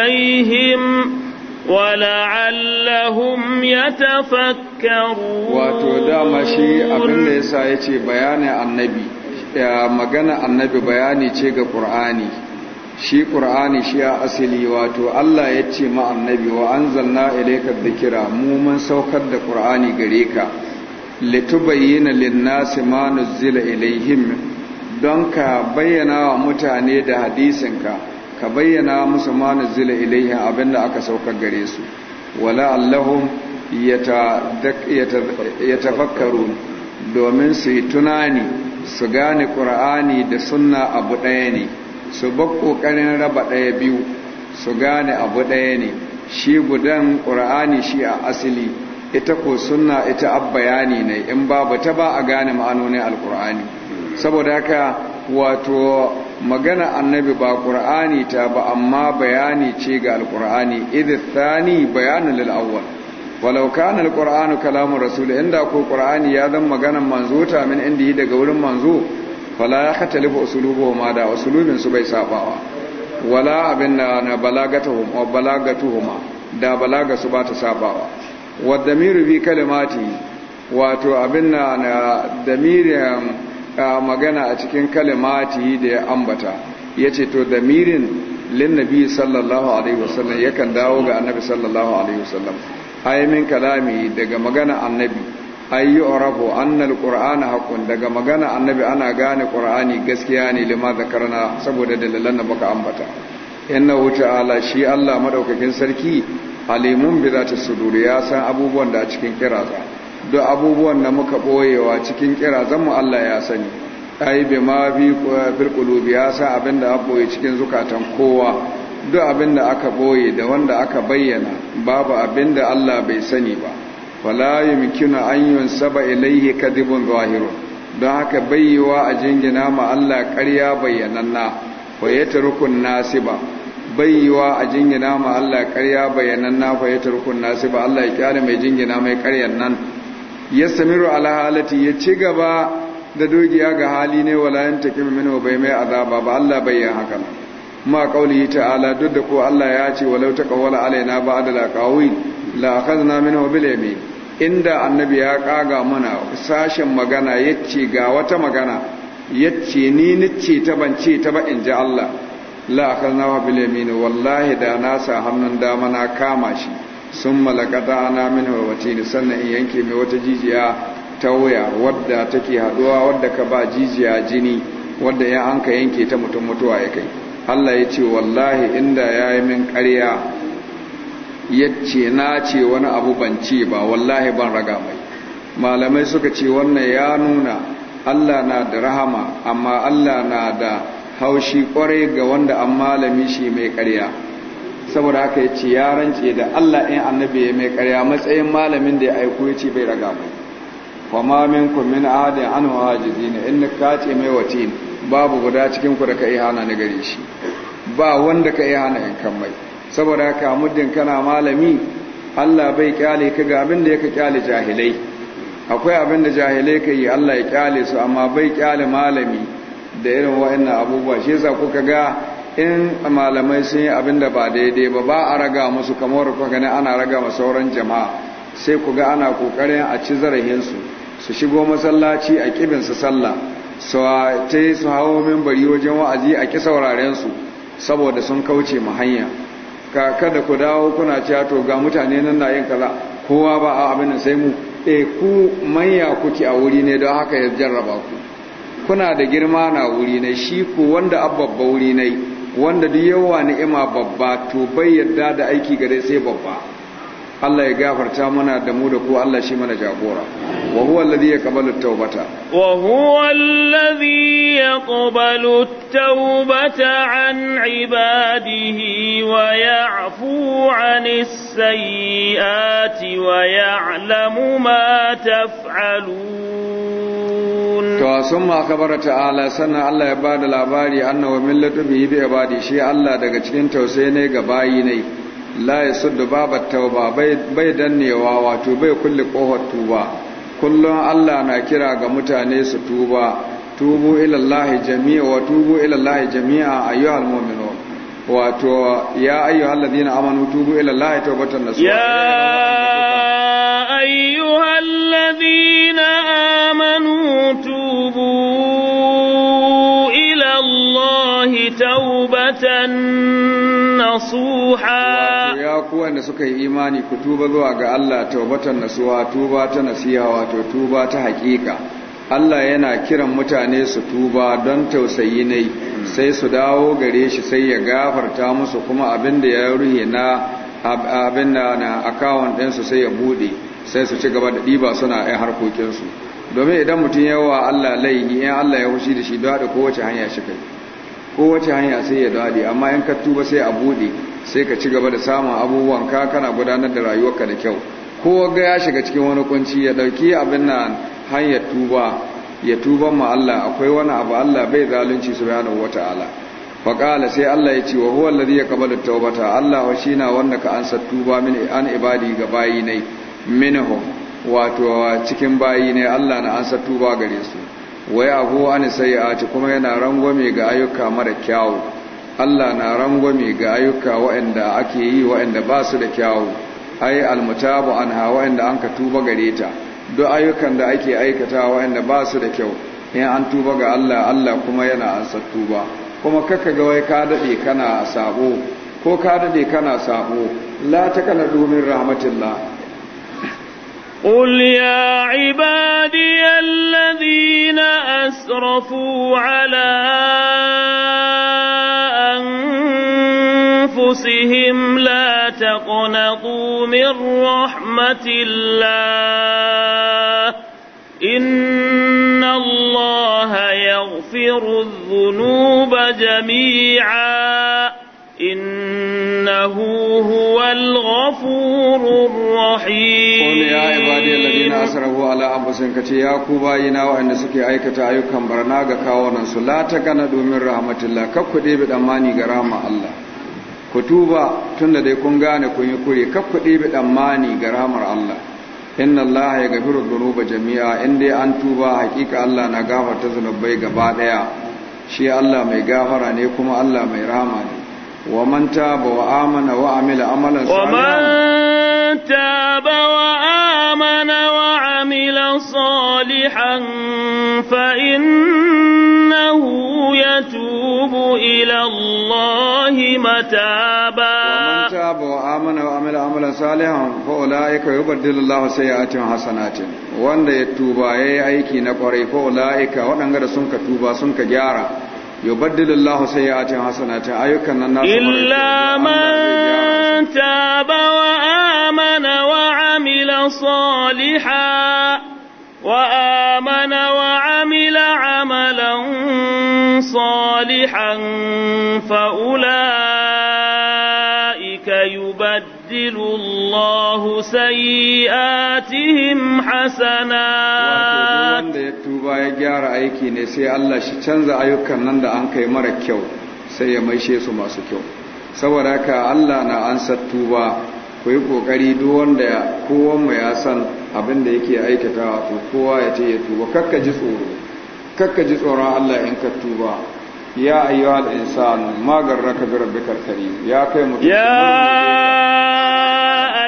litubayyana ولعلهم يتفكرون wato dama shi abin da yasa yace bayani annabi magana annabi bayani ce ga qur'ani shi qur'ani shi a asali wato Allah yace ma annabi wa anzalna ilayka dhikra mu mun saukar da qur'ani gare ka litubayyana lin-nasi ma nuzila ilayhim don ka bayyana wa mutane da hadisinka ka bayyana musu ma zile ilaihi abinda aka saukar gare su wala ya tafakkaru domin su yi tunani su gane qur'ani da sunna abu ɗaya ne su ba kokarin raba ɗaya biyu su gane abu ɗaya ne shi gudan qur'ani shi a asili ita ko sunna ita abbayani ne in babu ta ba a gane ma'anonin alqur'ani saboda haka wato magana annabi ba ƙur'ani ta ba amma bayani ce ga alƙur'ani idh thani bayanin lil awwal walau kana alqur'anu kalamu rasul inda ko ƙur'ani ya zan maganan manzo ta min inda yi daga wurin manzo fala ya khatalifu usuluhu ma da usulubin su bai sabawa wala abin da na balagatuhum wa balagatuhuma da balaga su ba ta sabawa wa damiru bi kalimati wato abin na damirin um, magana a cikin kalimati da ya ambata ya ce to da mirin linnabi sallallahu alaihi wasallam kan dawo ga annabi sallallahu alaihi wasallam ai kalami daga magana annabi ai yu'rafu annal qur'an haqqun daga magana annabi ana gane qur'ani gaskiya ne lima zakarna saboda dalilan da muka ambata Inna hu ta'ala shi Allah madaukakin sarki alimun bi zati sudur ya san abubuwan da a cikin kiraza. duk abubuwan da muka ɓoyewa cikin zanmu Allah ya sani ai bi ma fi eh, qulubi ya sa abinda aka boye cikin zukatan kowa duk abinda aka boye da wanda aka bayyana babu abinda Allah bai sani ba wala yumkinu an yunsaba ilayhi kadibun zahiru. don haka bayyewa a jingina ma Allah ƙarya bayyananna wa yatrukun nasiba bayyewa a jingina ma Allah ƙarya bayyananna fa yatrukun nasiba Allah ya kyale mai jingina mai ƙaryan nan Ya samiru ala halati ya ci gaba da dogiya ga hali ne wala min wa bai mai azaba ba Allah bai yin haka ma yi ta'ala duk da ko Allah ya ce walau taqawwala alaina ba da aqawil la min minhu bil yamin inda annabi ya kaga mana sashen magana yace ga wata magana yace ni ce ta bance ta ba in ji Allah la akhadna bil ne wallahi da nasa hannun dama na kama shi sun malakata ana min wace ne sannan in yanke mai wata jijiya ta waya wadda take haduwa wadda ka ba jijiya jini wadda ya an ka yanke ta mutum mutuwa ya kai Allah ya ce wallahi inda ya yi min karya ya ce na ce wani abu ban ce ba wallahi ban raga mai malamai suka ce wannan ya nuna Allah na da rahama amma Allah na da haushi kwarai ga wanda an malami shi mai karya saboda haka ya ce ya rance da Allah in annabi ya mai karya matsayin malamin da ya aiko ya ce bai raga mai kuma ma ku min adin an hajizina in ka ce mai watin babu guda cikin ku da ka ihana ni gare shi ba wanda ka ihana in kan mai saboda haka muddin kana malami Allah bai kyale ka ga abin da yake kyale jahilai akwai abin da jahilai ka yi Allah ya kyale su amma bai kyale malami da irin wa'annan abubuwa shi yasa kuka ga in malamai sun yi abin da ba daidai ba ba a raga musu kamar ku gani ana raga ma sauran jama'a sai ku ga ana kokarin a ci zarahinsu su shigo masallaci a su sallah su ta yi su hawo mimbari wajen wa'azi a ki saurarensu saboda sun kauce mu hanya kada ku dawo kuna cewa to ga mutane nan na yin kaza kowa ba a abin sai mu e ku manya kuke a wuri ne don haka ya jarraba ku kuna da girma na wuri ne shi ku wanda abba wuri ne wanda duk yawa ni'ima babba to bai yarda da aiki gare sai babba Allah ya gafarta mana da mu da ku Allah shi mana jagora wa huwa alladhi yaqbalu at-taubata wa huwa alladhi yaqbalu at-taubata an ibadihi wa ya'fu 'anis sayyiati wa ya'lamu ma taf'alun Ta to sun ma kabara ta'ala sannan Allah ya bada labari annahu min latubi bi ibadi shi Allah daga cikin tausayi ne ga bayi ne la yasuddu baba tauba bai dannewa wato bai kulli kohar tuba kullum Allah na kira ga mutane su tuba tubu ila Allah jami'a wa tubu ila Allah jami'a ayyuhal mu'minun wato ya ayyu ladina amanu tubu ila Allah tawbatan nasuha ya ayyu ladina amanu tubu ila Allah tawbatan nasuha ya ku wanda suka yi imani ku tuba zuwa ga Allah tawbatan nasuha tuba ta nasiha wato tuba ta hakika Allah yana kiran mutane su tuba don tausayi ne sai su dawo gare shi sai ya gafarta musu kuma abin da ya ruhe na abin da na akawun ɗinsu sai ya buɗe sai su ci gaba da ɗiba suna ‘yan harkokinsu domin idan mutum yawa Allah laihi in Allah ya hushi da shi daɗe kowace hanya shi kai kowace hanya sai ya daɗi amma yan ka tuba sai a buɗe sai ka ci gaba da samun abubuwan ka kana gudanar da rayuwarka da kyau kowa ga ya shiga cikin wani kunci ya ɗauki abin nan har ya tuba ya tuba ma Allah akwai wani abu Allah bai zalunci subhanahu wata'ala qala sai Allah ya ce wa huwa allazi yaqbalu tawbata Allah wa shina wanda ka ansa tuba min an ibadi ga bayi ne minhum wato cikin bayi Allah na ansa tuba gare su wai abu an sayyati kuma yana rangwame ga ayyuka mara kyawu Allah na rangwame ga ayyuka waɗanda ake yi waɗanda ba su da kyawu ai almutabu anha waɗanda an ka tuba gare ta duk ayyukan da ake aikatawa wanda ba su da kyau in an tuba ga Allah Allah kuma yana sattu tuba kuma kaka ga wai ka dade kana sabo ko ka dade kana sabo la takanadu min rahmatullah! قل يا عبادي الذين أسرفوا على أنفسهم لا تقنطوا من رحمة الله إن الله يغفر الذنوب جميعا إنه هو الغفور الرحيم قل يا عبادي الذين أسرفوا على أنفسهم كتي يا كوباينا وأن سكي أيكة أيكم برناغ كاونا لا تكن دومين رحمة الله كبكدي بدأماني غرام الله ku tuba tunda dai kun gane kun yi kure kaf ku ɗebe ɗammani ga ramar Allah inna Allah ya gafiru ba jami'a in dai an tuba hakika Allah na gafarta zunubai gaba ɗaya shi Allah mai gafara ne kuma Allah mai rahama ne wa man taba wa amana wa amila amalan salihan wa man taba wa amana wa amila salihan fa inna وأتوب إلى الله متابا ومن تاب وآمن وعمل عملا صالحا فأولئك يبدل الله سيئاتهم حسنات وأن يتوب أي أيكي نقري فأولئك وأن غير سنك توبا سنك جارا يبدل الله سيئاتهم حسنات أيكا الناس إلا من تاب وآمن وعمل صالحا وآمن وعمل صالحا فأولئك يبدل الله سيئاتهم ya tuba ya gyara aiki ne sai Allah shi canza ayyukan nan da an kai mara kyau sai ya maishe su masu kyau saboda haka Allah na ansa tuba ku kokari duk wanda kowan mu ya san abin yake aikatawa to kowa ya ce ya tuba kakka ji tsoro kakka ji tsoron Allah in ka tuba ya ayyuhal insanu magarraka bi rabbikal karim ya kai mutum ya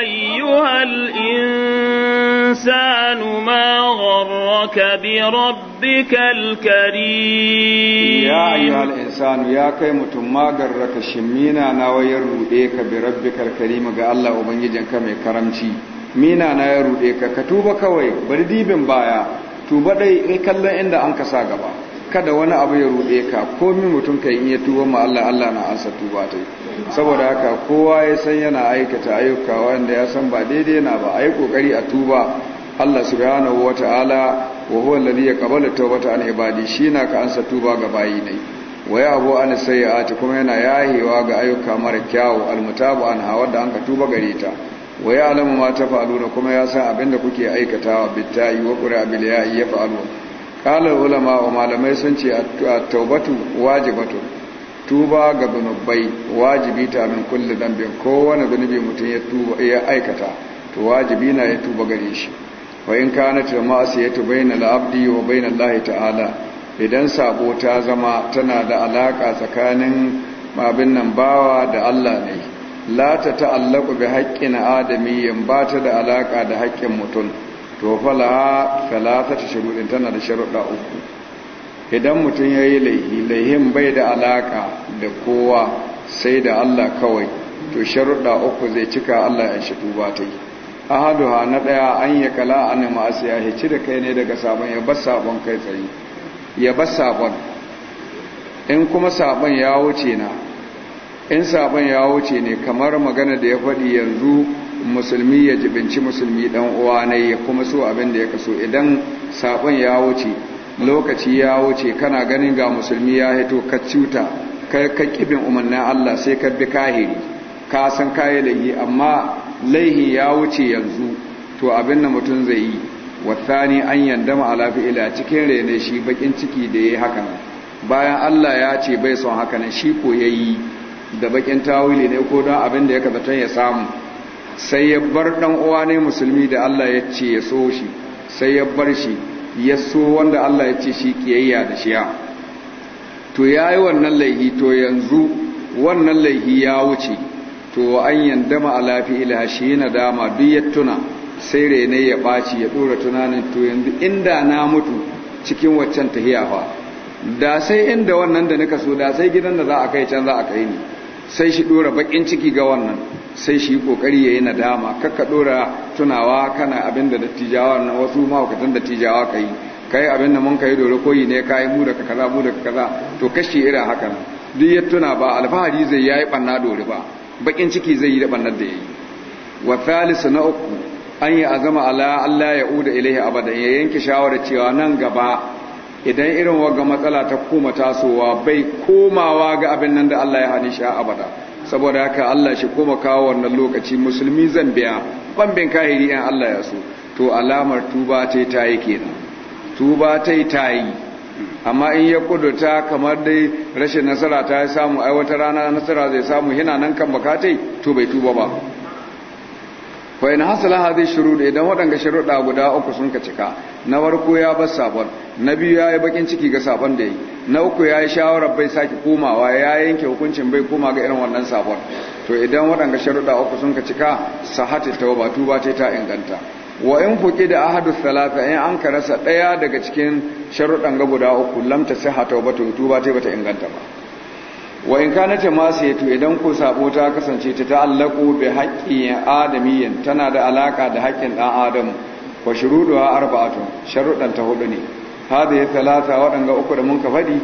ayyuhal insanu ma gharraka bi rabbikal karim ya ayyuhal insanu ya kai mutum magarraka shimmina na wayar rude ka bi rabbikal karim ga Allah ubangijin ka mai karamci mina na ya rude ka ka tuba kawai bari dibin baya tuba dai in kallon inda an kasa sa gaba kada wani abu ya ruɗe ka komi mutum ka in ya tuba ma Allah Allah na ansa tuba ta yi saboda haka kowa ya san yana aikata ayyuka wanda ya san ba daidai na ba ayi kokari a tuba Allah subhanahu wata'ala wa huwa alladhi yaqbalu tawbata an ibadi shi na ka ansa tuba ga bayi ne wa ya abu an sayyati kuma yana yahewa ga ayyuka mara kyawu almutabu an hawa da an ka tuba gare ta wa ya alamu ma ta da kuma ya san abin da kuke aikatawa yi wa ƙura bil ya iya fa'alun ƙalar ulama wa malamai sun ce a taubatu wajibatu tuba ga zunubai wajibi ta min kulle dambin kowane zunubi mutum ya aikata to wajibi na ya tuba gare shi wa in kana ta tuba yana abdi wa bayan lahi ta'ala idan sabo ta zama tana da alaka tsakanin abin nan bawa da Allah ne la ta ta'allaku bi haƙƙin adamiyyin ba ta da alaƙa da haƙƙin mutum to fala falata ta shuruɗin tana da sharuɗa uku idan mutum ya yi laihi laihin bai da alaƙa da kowa sai da Allah kawai to sharuɗa uku zai cika Allah ya shi tuba ta yi ahaduha na ɗaya an ya kala an ma'asi ya hici da kai ne daga sabon ya bar sabon kai tsaye ya bar sabon in kuma sabon ya wuce na in sabon ya wuce ne kamar magana da ya faɗi yanzu musulmi ya jibinci musulmi ɗan uwa ne ya kuma so abin da ya kaso idan sabon ya wuce lokaci ya wuce kana ganin ga musulmi ya hito ka cuta kai ka kibin umarnin Allah sai ka bi kahiri ka san kayi laihi amma laihi ya wuce yanzu to abin da mutum zai yi wasani an yandama ala ila cikin rene shi bakin ciki da yi hakan bayan Allah ya ce bai son hakanan shi ko yayi da bakin tawili ne ko don abin da ya kazaton ya samu sai ya bar dan uwa ne musulmi da Allah ya ce ya so shi sai ya bar shi ya so wanda Allah ya ce shi kiyayya da shiya to yayi wannan laihi to yanzu wannan laihi ya wuce to an yandama alafi ila shi na dama duk ya tuna sai rene ya baci ya dora tunanin to yanzu inda na mutu cikin waccan tahiya fa da sai inda wannan da nika so da sai gidan da za a kai can za a kai ni sai shi dora bakin ciki ga wannan sai shi kokari yayi nadama kakka dora tunawa kana abinda dattijawa na wasu mahaukatan dattijawa kai kai abinda mun kai dora koyi ne kai mu daga kaza mu daga kaza to kashi irin haka duk ya tuna ba alfahari zai yayi banna dore ba bakin ciki zai yi da bannar da yayi wa thalisa na uku an yi azama ala Allah ya uda ilaihi abada ya yanke shawarar cewa nan gaba idan irin waga matsala ta koma tasowa bai komawa ga abin nan da Allah ya hani shi abada saboda haka Allah shi koma kawo wannan lokaci musulmi zan biya bambin kahiri in Allah ya so to alamar tuba ta ta yi kenan tuba ta ta yi amma in ya ta kamar dai rashin nasara ta samu ai wata rana nasara zai samu hina nan kan bakatai to bai tuba ba fa in hasala hadhihi shurud idan waɗanga sharuɗa guda uku sun ka cika na farko ya bar sabon na biyu yayi bakin ciki ga sabon da yi na uku yayi shawarar bai saki komawa ya yanke hukuncin bai koma ga irin wannan sabon to idan waɗanga sharuɗa uku sun ka cika sahati tauba tuba ce ta inganta wa in fuki da ahadu salata in an ka rasa ɗaya daga cikin sharuɗan ga guda uku lamta sai tauba tuba ce bata inganta ba wa in kana ta masiyatu idan ku sabo ta kasance ta ta'allaku bi haqqin adamiyyin tana da alaka da haƙƙin dan adam wa shuruduha arba'atun sharudan ta hudu ne hada ya talata wadanga uku da mun ka fadi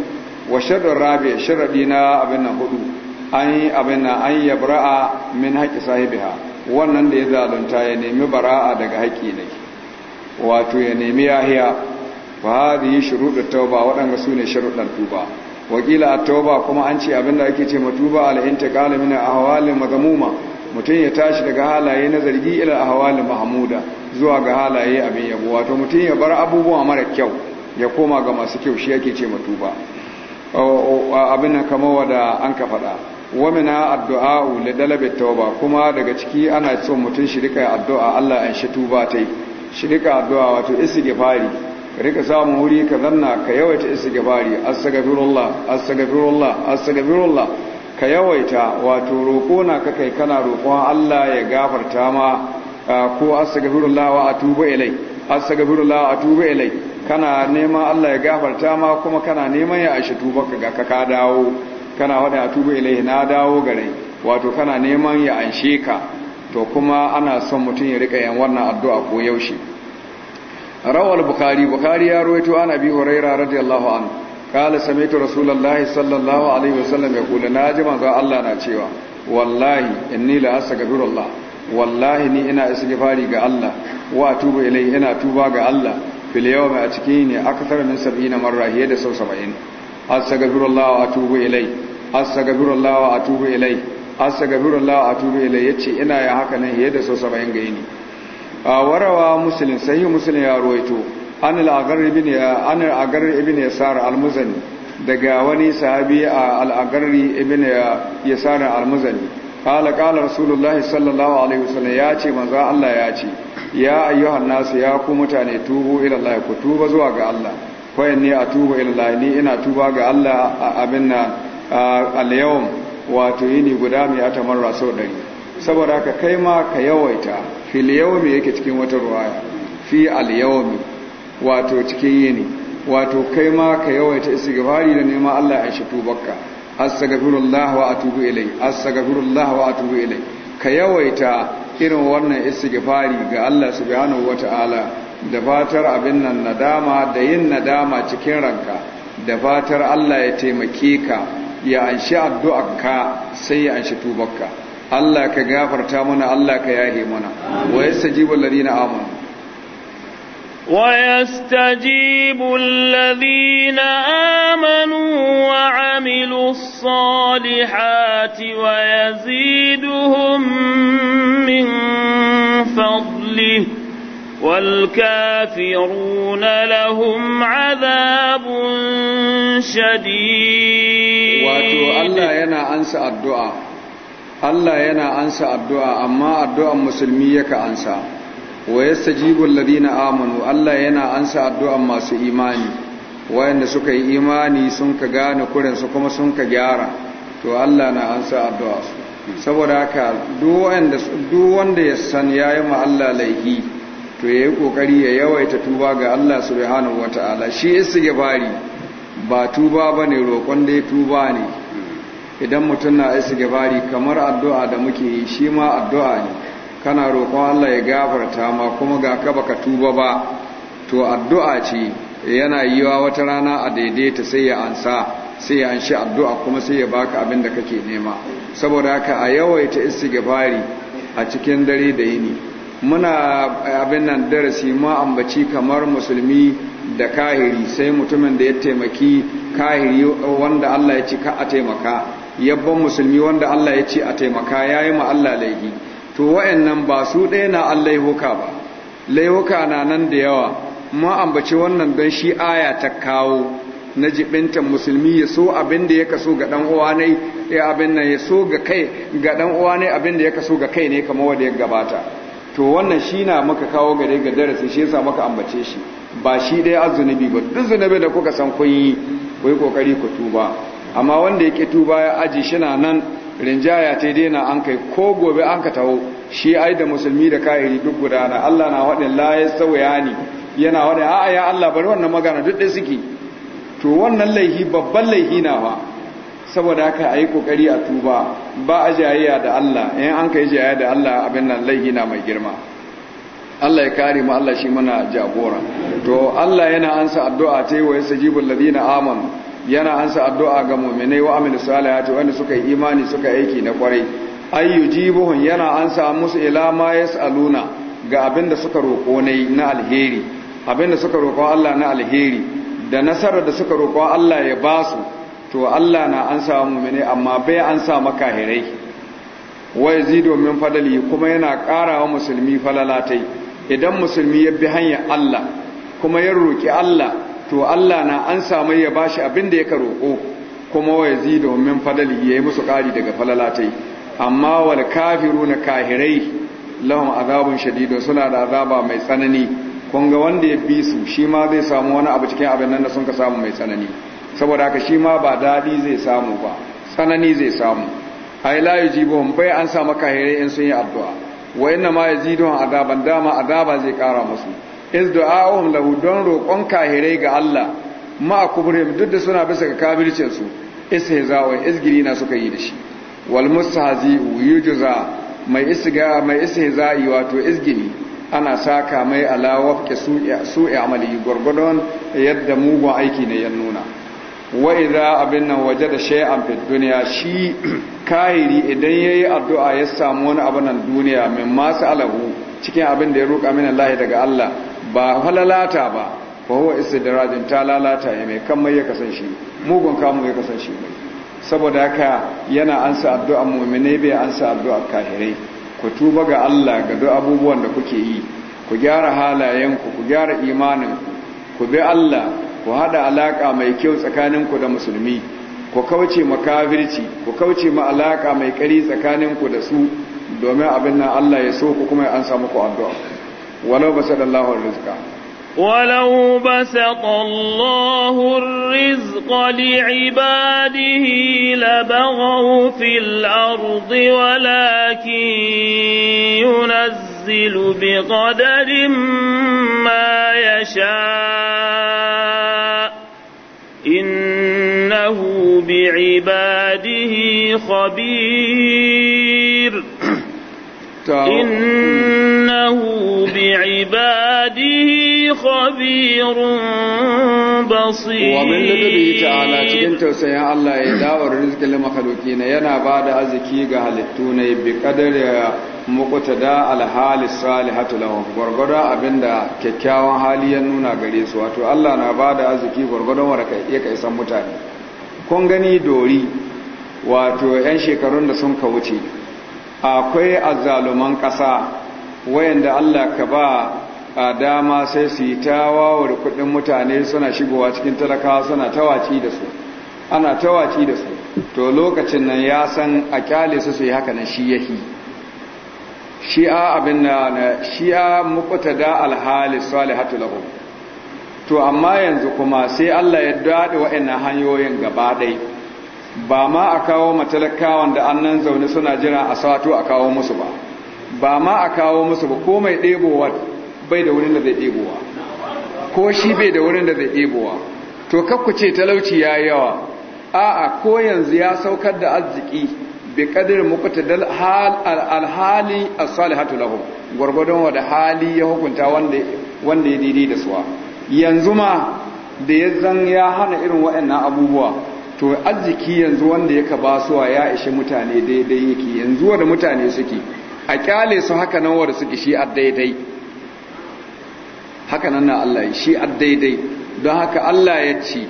wa sharru rabi sharadi na abin nan hudu an abin nan an yabra'a min haqqi sahibiha wannan da ya zalunta ya nemi bara'a daga haƙƙi ne wato ya nemi yahiya fa hadhihi ba tauba wadanga sune sharudan tuba wakila a tauba kuma an ce abinda ake ce matuba al-intiqal min ahwalil magamuma mutum ya tashi daga halaye na zargi ila ahwalil mahmuda zuwa ga halaye abin yabo wato mutum ya bar abubuwa mara kyau ya koma ga masu kyau shi yake ce matuba abin kamar wada an ka faɗa wamina addu'a li dalabi tauba kuma daga ciki ana son mutum shirika addu'a Allah an shi tuba tai addu'a wato istighfari rika samun wuri ka zanna ka yawaita istighfari astaghfirullah astaghfirullah astaghfirullah ka yawaita wato roƙo na ka kai kana roƙon Allah ya gafarta ma ko astaghfirullah wa atubu ilai astaghfirullah a atubu ilai kana neman Allah ya gafarta ma kuma kana neman ya aishi tuba ka ka ka dawo kana wada atubu ilai na dawo gare wato kana neman ya anshe ka to kuma ana son mutum ya rika yin wannan addu'a ko yaushe rawal bukhari bukhari ya rawaito an abi hurairah radiyallahu anhu qala sami'tu rasulullahi sallallahu alaihi wasallam yaqulu naji manzo Allah na cewa wallahi inni la astaghfirullah wallahi ni ina istighfari ga Allah wa tuba ilai ina tuba ga Allah fil yawmi a cikin ne akthar min 70 marra hiya da sau 70 astaghfirullah wa atubu ilai astaghfirullah wa atubu ilai astaghfirullah wa atubu ilai yace ina ya haka nan hiya da sau 70 ga yini a warawa musulun sahih musulun ya ruwaito an al-agar ibn an al al-muzani daga wani sahabi al-agar ibn yasar al-muzani qala qala rasulullah sallallahu alaihi wasallam ya ce manzo Allah ya ce ya ayyuhan nasu ya ku mutane tubu ila ku tuba zuwa ga Allah fa inni atubu ila Allah ni ina tuba ga Allah a abin na al-yawm wato yini guda mai atamarra sau ɗari saboda ka kai ma ka yawaita fil yawmi yake cikin wata ruwaya fi al yawmi wato cikin yini wato kai ma ka yawaita istighfari da neman Allah ya shi tubarka astaghfirullah wa atubu ilai astaghfirullah wa atubu ilai ka yawaita irin wannan istighfari ga Allah subhanahu wataala da fatar abin nan nadama da yin nadama cikin ranka da fatar Allah ya taimake ka ya anshi addu'anka sai ya anshi tubarka Allah ka gafarta mana Allah ka yahe mana wa yastajibu alladhina amanu wa yastajibu alladhina amanu wa amilus salihati wa yaziduhum min fadlihi والكافرون لهم عذاب شديد واتو الله ينا انسى الدعاء Allah yana ansa addu'a amma addu'an musulmi yaka ansa wa yastajibu alladhina amanu Allah yana ansa addu'an masu imani wayanda suka yi imani sun ka gane kuren kuma sun ka gyara to Allah na ansa addu'a saboda haka duk wanda ya san ya ma Allah laifi to yayi kokari ya yawaita tuba ga Allah subhanahu wataala shi bari. ba tuba bane roƙon da tuba ne idan mutum na isa gabari kamar addu'a da muke yi shi ma addu'a ne kana roƙon Allah ya gafarta ma kuma ga ka baka tuba ba to addu'a ce yana yiwa wata rana a daidaita sai ya ansa sai ya anshi addu'a kuma sai ya baka abin da kake nema saboda haka a yawaita gabari a cikin dare da yini muna abin nan darasi ma ambaci kamar musulmi da kahiri sai mutumin da ya taimaki kahiri wanda Allah ya ci ka a taimaka yabban musulmi wanda Allah ya ce a taimaka yi ma Allah laifi to wayannan ba su ɗaya na allaihuka ba laihuka na nan da yawa ma ambaci wannan don shi aya ta kawo na jibintan musulmi ya so abin da ya kaso ga dan uwa ne ya abin nan ya so ga kai ga dan uwa ne abin da ya kaso ga kai ne kamar wanda ya gabata to wannan shi na muka kawo gare ga darasi shi yasa muka ambace shi ba shi dai azunubi ba duk zunubi da kuka san kun yi ku yi kokari ku tuba amma wanda ya ƙi tuba ya aji shi na nan rinjaya ta daina an kai ko gobe an ka taho shi ai da musulmi da kairi duk gudana Allah na waɗin la ya sauya ni yana waɗin a'a ya Allah bari wannan magana duk dai suke to wannan laihi babban laihi na ba saboda haka a yi a tuba ba a jayayya da Allah in an kai jayayya da Allah abin nan laihi na mai girma Allah ya kare mu Allah shi muna jagora to Allah yana ansa addu'a tayi wa yasjibul ladina amanu yana ansa addu'a ga mu'minai wa salaya salihati wanda suka yi imani suka aiki na kwarai ayyu jibuhun yana ansa musu ila ma yasaluna ga abin da suka roƙo na alheri Abin da suka roko Allah na alheri da nasarar da suka roko Allah ya ba su to Allah na ansa mu'minai amma bai ansa makahirai wa zi domin fadali kuma yana ƙara wa musulmi falalatai idan musulmi ya bi hanyar Allah kuma ya roƙi Allah to Allah na an samu ya bashi abin da yaka roƙo kuma wa yazidu min fadali yi musu ƙari daga falalatai amma wal kafiruna kahirai lahum azabun shadidu suna da azaba mai tsanani kun ga wanda ya bi su shi ma zai samu wani abu cikin abin nan da sun ka samu mai tsanani saboda haka shi ma ba daɗi zai samu ba tsanani zai samu ai la yujibuhum bai an samu kahirai in sun yi addu'a wa inna ma yazidun azaban dama azaba zai ƙara musu iz du'a'uhum lahu don roƙon kahirai ga Allah ma kubrihim duk da suna bisa ga kafircin su istihza'u izgiri na suka yi da shi wal mustahzi'u yujza mai isga mai istihza'i wato izgiri ana saka mai alawaf su su'i amali gurgudon yadda mugun aiki ne ya nuna wa idza abinna wajada shay'an fid dunya shi kahiri idan yayi addu'a ya samu wani abu nan duniya min masu alahu cikin abin da ya roƙa min Allah daga Allah ba halalata ba ba huwa istidrajin ta lalata ya mai kan ya kasance mugun kamu ya kasance mai saboda haka yana ansa addu'a mu'mine bai ansa addu'a kafirai ku tuba ga Allah ga duk abubuwan da kuke yi ku gyara halayenku ku gyara imaninku ku bi Allah ku haɗa alaka mai kyau tsakaninku da musulmi ku kauce makafirci ku kauce ma alaka mai kari tsakaninku da su domin abin nan Allah ya so ku kuma an samu ku addu'a ولو بسط الله الرزق ولو بسط الله الرزق لعباده لبغوا في الأرض ولكن ينزل بقدر ما يشاء إنه بعباده خبير إن إنه بعباده خبير بصير ومن cikin tausayin Allah ya dawo rizqi lil makhluqina yana bada arziki ga halittu ne bi kadari muqtada al hali salihatu lahum gurgurda abinda kyakkyawan hali nuna gare su wato Allah na ba bada arziki gurgurdan waraka ya kai san mutane kun gani dori wato yan shekarun da sun ka wuce akwai azzaluman ƙasa wayanda Allah ka ba a dama sai su yi tawawar kudin mutane suna shigowa cikin talakawa suna tawaci da su ana tawaci da su to lokacin nan ya san a kyale su su yi haka na shi yahi shi'a abin na shi'a muqtada alhali salihatu lahu to amma yanzu kuma sai Allah ya dade wa'annan hanyoyin gaba dai ba ma a kawo matalakawan da annan zaune suna jira a sato a kawo musu ba ba ma a kawo musu ba ko mai ɗebowa bai da wurin da zai ɗebowa ko shi bai da wurin da zai ɗebowa to kakku ce talauci ya yi yawa a'a ko yanzu ya saukar da arziki bi kadir mukuta dal alhali as-salihatu lahu gurgudun wada hali ya hukunta wanda wanda ya dide da suwa yanzu ma da ya zan ya hana irin waɗannan abubuwa to arziki yanzu wanda yaka basuwa ya ishe mutane daidai yake yanzu wanda mutane suke a kyale su haka nan wa suke shi a daidai haka nan na Allah shi a daidai don haka Allah ya ce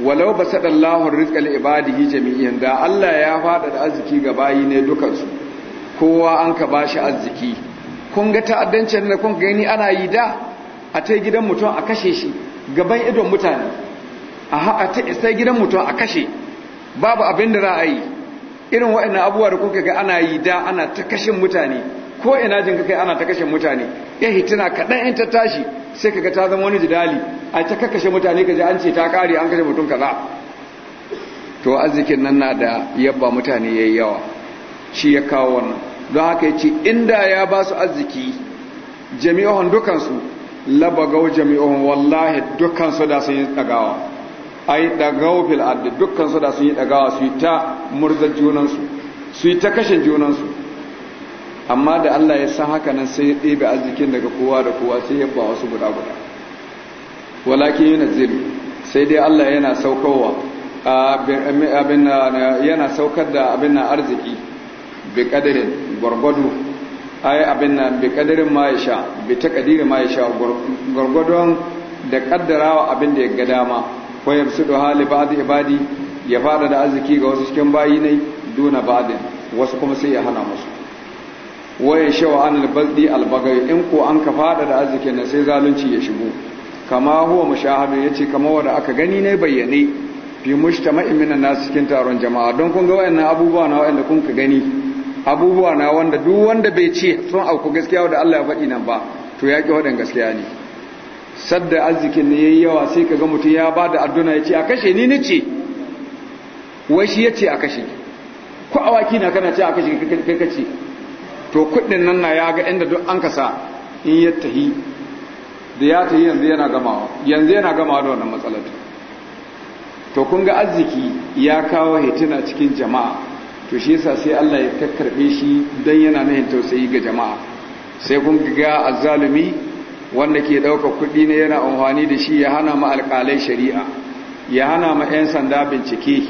walau ba saɗan lahun rizkal ibadihi jami'in da Allah ya da arziki ga bayi ne dukansu kowa an ka ba shi arziki kun ga ta'addancin na kun gani ana yi da a ta gidan mutum a kashe shi gaban idon mutane a ta gidan mutum a kashe babu abin da za a yi irin waɗannan abubuwa da kuka ga ana yi da ana ta kashin mutane ko ina jin kai ana ta kashin mutane ya hituna kaɗan in ta tashi sai kaga ta zama wani jidali a ta kashe mutane ka ji an ce ta kare an kashe mutum kaza to arzikin nan na da yabba mutane ya yi yawa shi ya kawo wannan don haka ya ce inda ya ba su arziki jami'ohun dukansu labagau jami'ohun wallahi dukansu da sun yi tsagawa ai dagawo fil addi dukkan su da sun yi dagawa su yi ta murza junansu su yi ta kashe junansu amma da Allah ya san haka nan sai ya ɗebe arzikin daga kowa da kowa sai ya ba wasu guda guda walakin yana zilu sai dai Allah yana saukowa yana saukar da abin na arziki bi kadirin gwargwado ai abin na bi kadirin ma ya sha bi ta kadirin ma ya sha gwargwadon da kaddarawa abin da ya ga dama ya fi yabsudu hali ba'd ibadi ya fada da arziki ga wasu cikin bayi ne duna ba'din wasu kuma sai ya hana musu waye shawa an albaldi albagai in ko an ka fada da arziki ne sai zalunci ya shigo kama huwa ya yace kama wanda aka gani ne bayyane fi mujtama'in minan nas cikin taron jama'a don kun ga wayannan abubuwa na wayanda kun ka gani abubuwa na wanda duk wanda bai ce sun auku gaskiya da Allah ya faɗi nan ba to ya ƙi gaskiya ne sadda arzikin ne yayi yawa sai kaga mutum ya bada adduna yace a kashe ni nace wai shi yace a kashe ko awaki na kana ce a kashe kai kace to kudin nan na ya ga inda duk an kasa in ya tahi da ya tahi yanzu yana gamawa yanzu yana gamawa da wannan matsalar to kun ga arziki ya kawo hitina cikin jama'a to shi yasa sai Allah ya kakkarbe shi dan yana nan tausayi ga jama'a sai kun ga azzalumi wanda ke ɗauka kuɗi ne yana amfani da shi ya hana ma alƙalai shari'a ya hana ma 'yan sanda bincike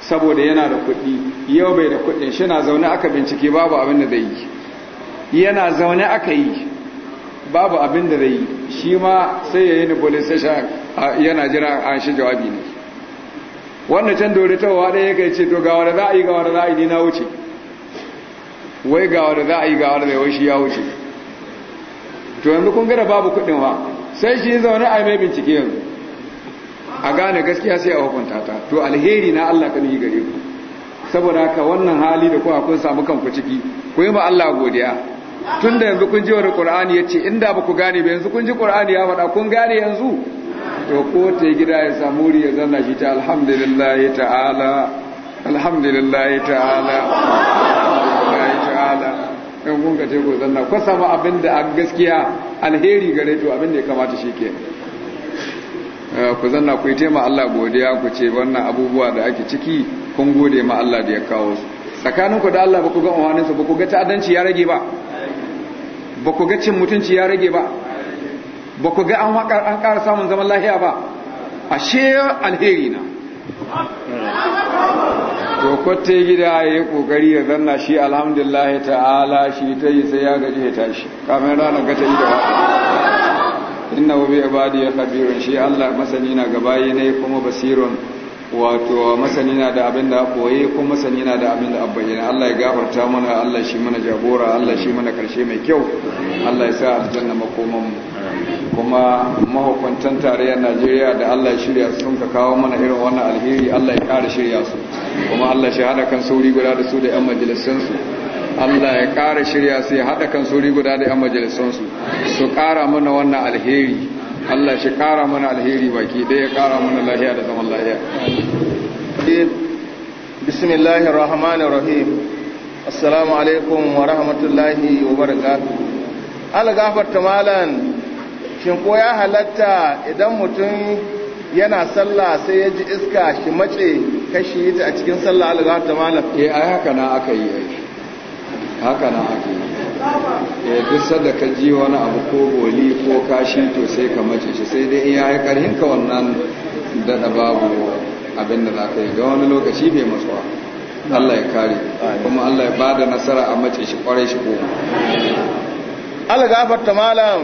saboda yana da kuɗi yau bai da kudin shi na zaune aka bincike babu abin da zai yi yana zaune aka yi babu abin da zai yi shi ma sai ya yi ni police station yana jira an shi jawabi ne wanda can dore ta wa ɗaya kai ce to ga wanda za a yi ga wanda za a yi ni na wuce wai ga wanda za a yi ga wanda zai wai shi ya wuce to yanzu kun gada babu kuɗin wa sai shi zaune a mai bincike yanzu a gane gaskiya sai a hukunta ta to alheri na Allah kan yi gare ku saboda ka wannan hali da kuka kun samu kanku ciki ku yi ma Allah godiya tunda yanzu kun ji wani ya ce inda ba ku gane ba yanzu kun ji Qur'ani ya faɗa kun gane yanzu to ko ta gida ya samu ya zanna shi ta alhamdulillah ta'ala alhamdulillah ta'ala in kun ka teku zanna ku sama abin da a gaskiya alheri gare to abin da ya kamata shi ke eh, ku zanna ku yi tema Allah godiya ku ce wannan abubuwa da ake ciki kun gode ma Allah da ya kawo su tsakaninku da Allah ba ku ga umarninsu ba ku ga ta'adanci ya rage ba ba ku ga cin mutunci ya rage ba ba ku ga an kara samun zaman lahiya ba ashe alheri na to kwata gida ya yi kokari ya zanna shi alhamdulillah ta'ala shi ta yi sai ya gaji ya tashi kamar rana gata yi da wata inna wabi bi ya shi Allah masani na gabayi ne kuma basirun wato masani na da abin da koye ko masani na da abin da bayyana Allah ya gafarta mana Allah shi mana jagora Allah shi mana karshe mai kyau Allah ya sa aljanna makoman mu kuma mahukuntan tarayyar Najeriya da Allah ya shirya sun ka kawo mana irin wannan alheri Allah ya kara shirya su kuma Allah shi hada kan sauri guda da su da yan majalisun su Allah ya kara shirya su ya hada kan sauri guda da yan majalisun su su kara mana wannan alheri Allah shi kara mana alheri baki ɗaya ya kara mana lahiya da zaman lahiya eh, bismillahir rahmanir rahim assalamu alaikum wa rahmatullahi wa barakatuh algafar malan shin ko ya halatta idan mutum yana sallah sai ya ji iska shi mace kashi ta a cikin sallah algafar malan eh ai haka na aka yi haka na aka yi ya eh, duk ka ji wani abu ko goli ko kashi to sai ka mace shi sai dai ya yi karhin ka wannan daɗa babu abin da za ka yi ga wani lokaci bai matsuwa Allah ya kare kuma Allah ya ba da nasara a mace shi kwarai shi goma Allah ta malam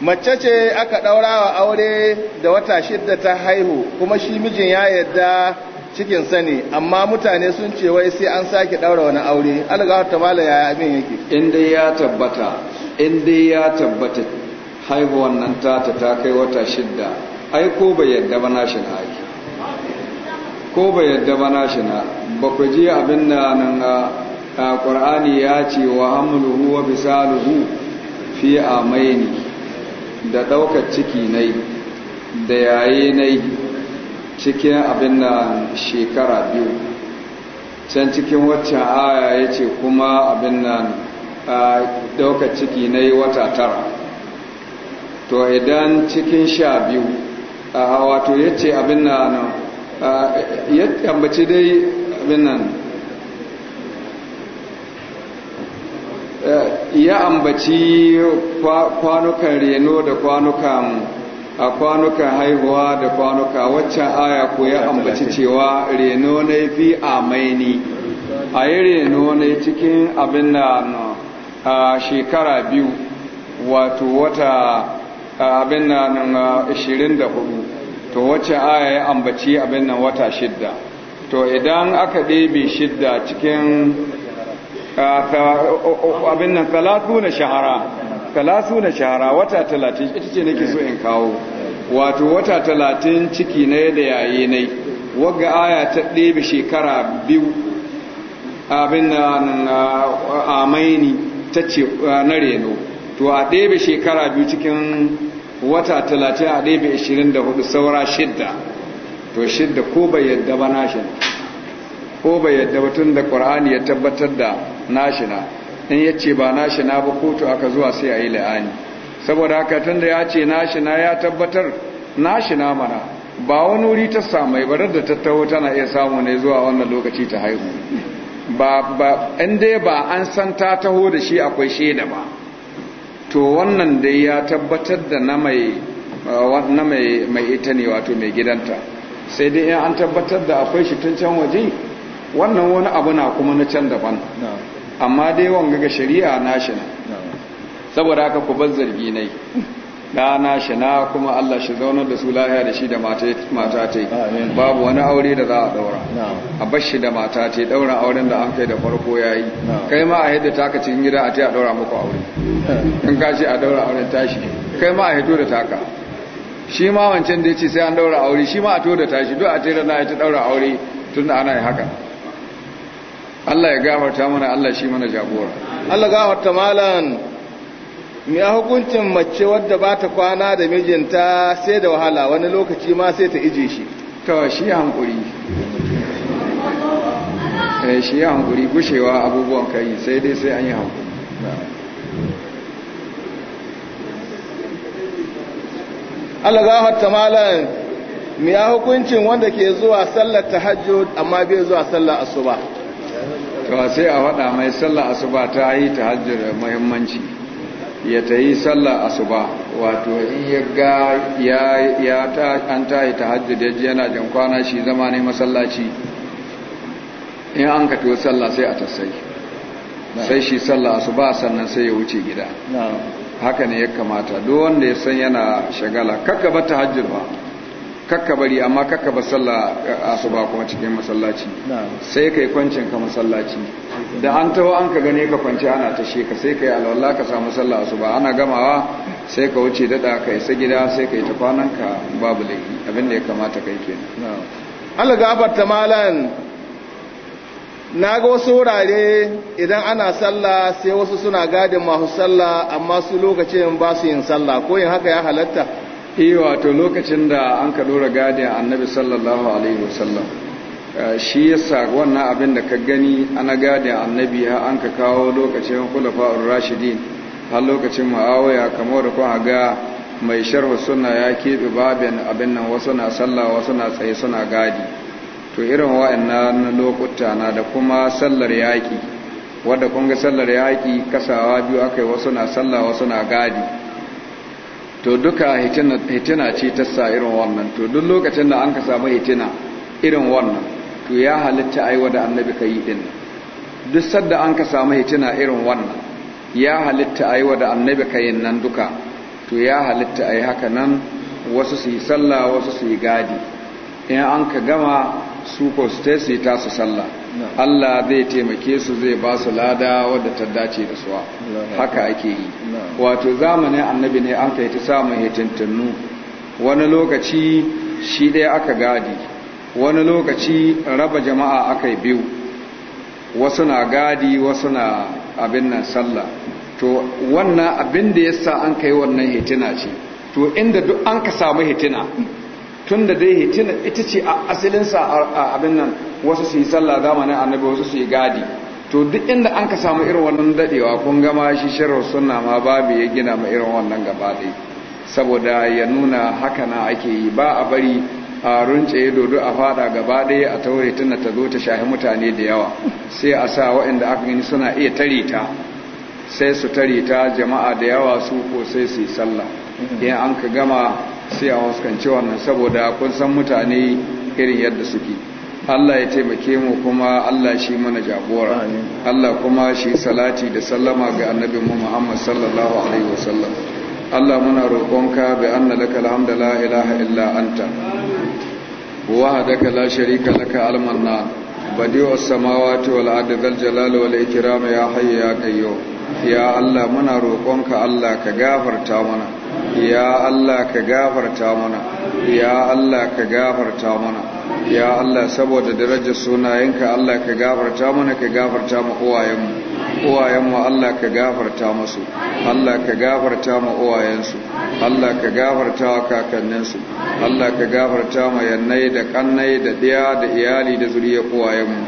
mace ce aka ɗaura wa aure da wata shidda ta haihu kuma shi mijin ya yadda cikin sani amma mutane sun ce wai sai an sake daura wani aure alga ta mala ya abin yake in dai ya tabbata in dai ya tabbata haihu wannan tata ta kai wata shidda ai ko bai yadda ba nashi na ko bai yadda ba nashi na ba ku ji abin da nan a qur'ani ya ce wa hamluhu wa bisaluhu fi amaini da ɗaukar ciki nai da yayi nai cikin abin na shekara biyu can cikin wacce aya ya ce kuma abin nan daukar ciki na yi wata tara to idan cikin sha biyu a wato ya ce abin nan ya ambaci dai abin nan ya ambaci kwanukan reno da kwanukan a kwanuka haihuwa da kwanuka waccan aya ko ya ambaci cewa reno na fi amaini a yi reno na cikin abin da a shekara biyu wato wata abin da da hudu to waccan aya ya ambaci abin nan wata shidda to idan aka ɗebe shidda cikin abin nan talatu na shahara kalasu na shahara wata talatin ita ce nake so in kawo wato wata talatin ciki na yadda yaye na wagga aya ta ɗebe shekara biyu abin na amaini ta ce na reno to a ɗebe shekara biyu cikin wata talatin a ɗebe ashirin da hudu saura shidda to shidda ko bai yadda ba nashina ko bai yadda batun da ƙwar'ani ya tabbatar da nashina in ya ce ba nashi na ba kotu aka zuwa sai a yi la'ani saboda haka tun da ya ce nashi na ya tabbatar nashi na mana ba wani wuri ta samu ba da ta tana iya samu ne zuwa wannan lokaci ta haihu ba ba inda ba an san ta taho da shi akwai shaida ba to wannan da ya tabbatar da na mai mai ita ne wato mai gidanta sai dai in an tabbatar da akwai shi tun can waje wannan wani abu na kuma na can daban amma dai wanga ga shari'a nashi saboda haka ku bar zargi nai da nashi na kuma Allah shi zaunar da su lahiya da shi da mata ta yi babu wani aure da za a daura a bar shi da mata ta yi daura auren da an kai da farko ya yi kai ma a yadda taka cikin gida a ta a daura muku aure in ka ce a daura auren tashi kai ma a hito da taka shi ma wancan da ya ce sai an daura aure shi ma a to da tashi duk a tera na ya ta daura aure tun da ana yi haka Allah ya gafarta mana Allah shi mana jagora Allah gafarta malan me hukuncin mace wadda ba ta kwana da mijinta sai da wahala wani lokaci ma sai ta ije shi to shi hankuri eh shi hankuri gushewa abubuwan kai sai dai sai an yi hankuri Allah gafarta malan me hukuncin wanda ke zuwa sallar tahajjud amma bai zuwa sallar asuba to sai a faɗa mai sallah asuba ta yi ta hajjar muhimmanci ya ta yi sallah asuba wato in ya ga ya ta an ta yi tahajjud ya ji yana jan kwana shi zama ne masallaci in an ka to sallah sai a tasai sai shi sallah asuba sannan sai ya wuce gida haka ne ya kamata duk wanda ya san yana shagala kakka ba hajjar ba kakka bari amma kakka ba sallah eh, asuba kuma cikin masallaci sai kai kwancin ka masallaci da an taho an ka gane ka kwanci ana ta sheka sai kai alwallah ka samu sallah asuba ana gamawa sai ka wuce daɗa ka isa gida sai ka yi ta ka babu laifi abin ya kamata kai kenan Allah malan na ga wasu wurare idan ana sallah sai wasu suna gadin masu sallah amma su lokacin ba su yin sallah ko yin haka ya halatta eh to lokacin da an ka dora gadin annabi sallallahu alaihi wasallam eh, shi yasa wannan abin da ka gani ana gadin annabi ha an ka kawo lokacin ar rashidin har lokacin muawiya kamar da kuma ga mai sharhu sunna ya keɓe babin abin nan wasu na sallah wasu na tsaye suna gadi to irin wa'annan lokuta na da kuma sallar yaƙi wanda kun ga sallar yaƙi kasawa biyu akai wasu na sallah wasu na gadi to duka hitina ce ta sa irin wannan to duk lokacin da an ka samu hitina irin wannan to ya halitta aiwa da annabi ka yi din duk sadda an ka samu hitina irin wannan ya halitta aiwa da annabi ka yi nan duka to ya halitta ai haka nan wasu su yi sallah wasu su yi gadi in an ka gama su ko su ta su sallah Allah zai taimake su zai ba su lada wadda ta dace da suwa haka ake yi wato zamanin annabi ne an kai ta samun hitintannu wani lokaci shi ɗaya aka gadi wani lokaci raba jama'a aka yi biyu wasu na gadi wasu na abin nan sallah to wannan abin da yasa an kai wannan hitina ce to inda duk an ka samu hitina tun da dai hitin ita ce a asilinsa a abin nan wasu su yi sallah zamanin annabi wasu su yi gadi to duk inda an ka samu irin wannan dadewa kun gama shi shirar sunna ma babu ya gina ma irin wannan gaba saboda ya nuna haka na ake yi ba a bari a runce dodo a fada gaba ɗaya a taure tana ta zo ta shahi mutane da yawa sai a sa waɗanda aka gani suna iya tare ta sai su tare ta jama'a da yawa su ko sai su yi sallah idan an ka gama sai a huskanci wannan saboda kun san mutane irin yadda suke Allah ya taimake mu kuma Allah shi mana jagora Allah kuma shi salati da sallama ga annabi mu Muhammad sallallahu alaihi wasallam Allah muna roƙonka bi anna laka alhamdu la ilaha illa anta wahdaka la sharika laka al badi'us samawati wal ardi dhal jalali wal ikram ya hayyu ya qayyum ya Allah muna roƙonka Allah ka gafarta mana ya Allah ka gafarta mana ya Allah ka gafarta mana ya Allah saboda darajar sunayenka Allah ka gafarta mana ka gafarta mu uwayenmu uwayenmu Allah ka gafarta musu Allah ka gafarta mu uwayensu Allah ka gafarta wa kakanninsu Allah ka gafarta mu yannai da kannai da diya da iyali da zuriyar uwayenmu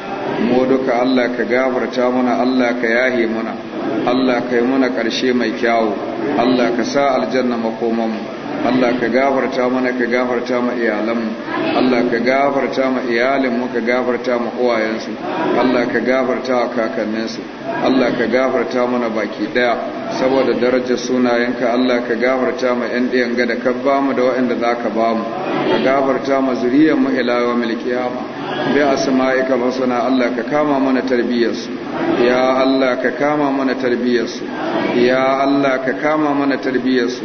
mu duka Allah ka gafarta mana Allah ka yahe mana Allah kai mana ƙarshe mai kyawu Allah ka sa aljanna makomanmu Allah ka gafarta mana ka gafarta ma iyalanmu Allah ka gafarta ma iyalinmu ka gafarta ma uwayensu Allah ka gafarta wa kakanninsu Allah ka gafarta mana baki daya saboda darajar sunayenka Allah ka gafarta ma ƴan ɗiyan ga da ka ba mu da waɗanda za ka ba mu ka gafarta ma zuriyar mu ila yawmil qiyama bi asma'ikal husna Allah ka kama mana tarbiyyarsu ya Allah ka kama mana tarbiyyarsu ya Allah ka kama mana tarbiyyarsu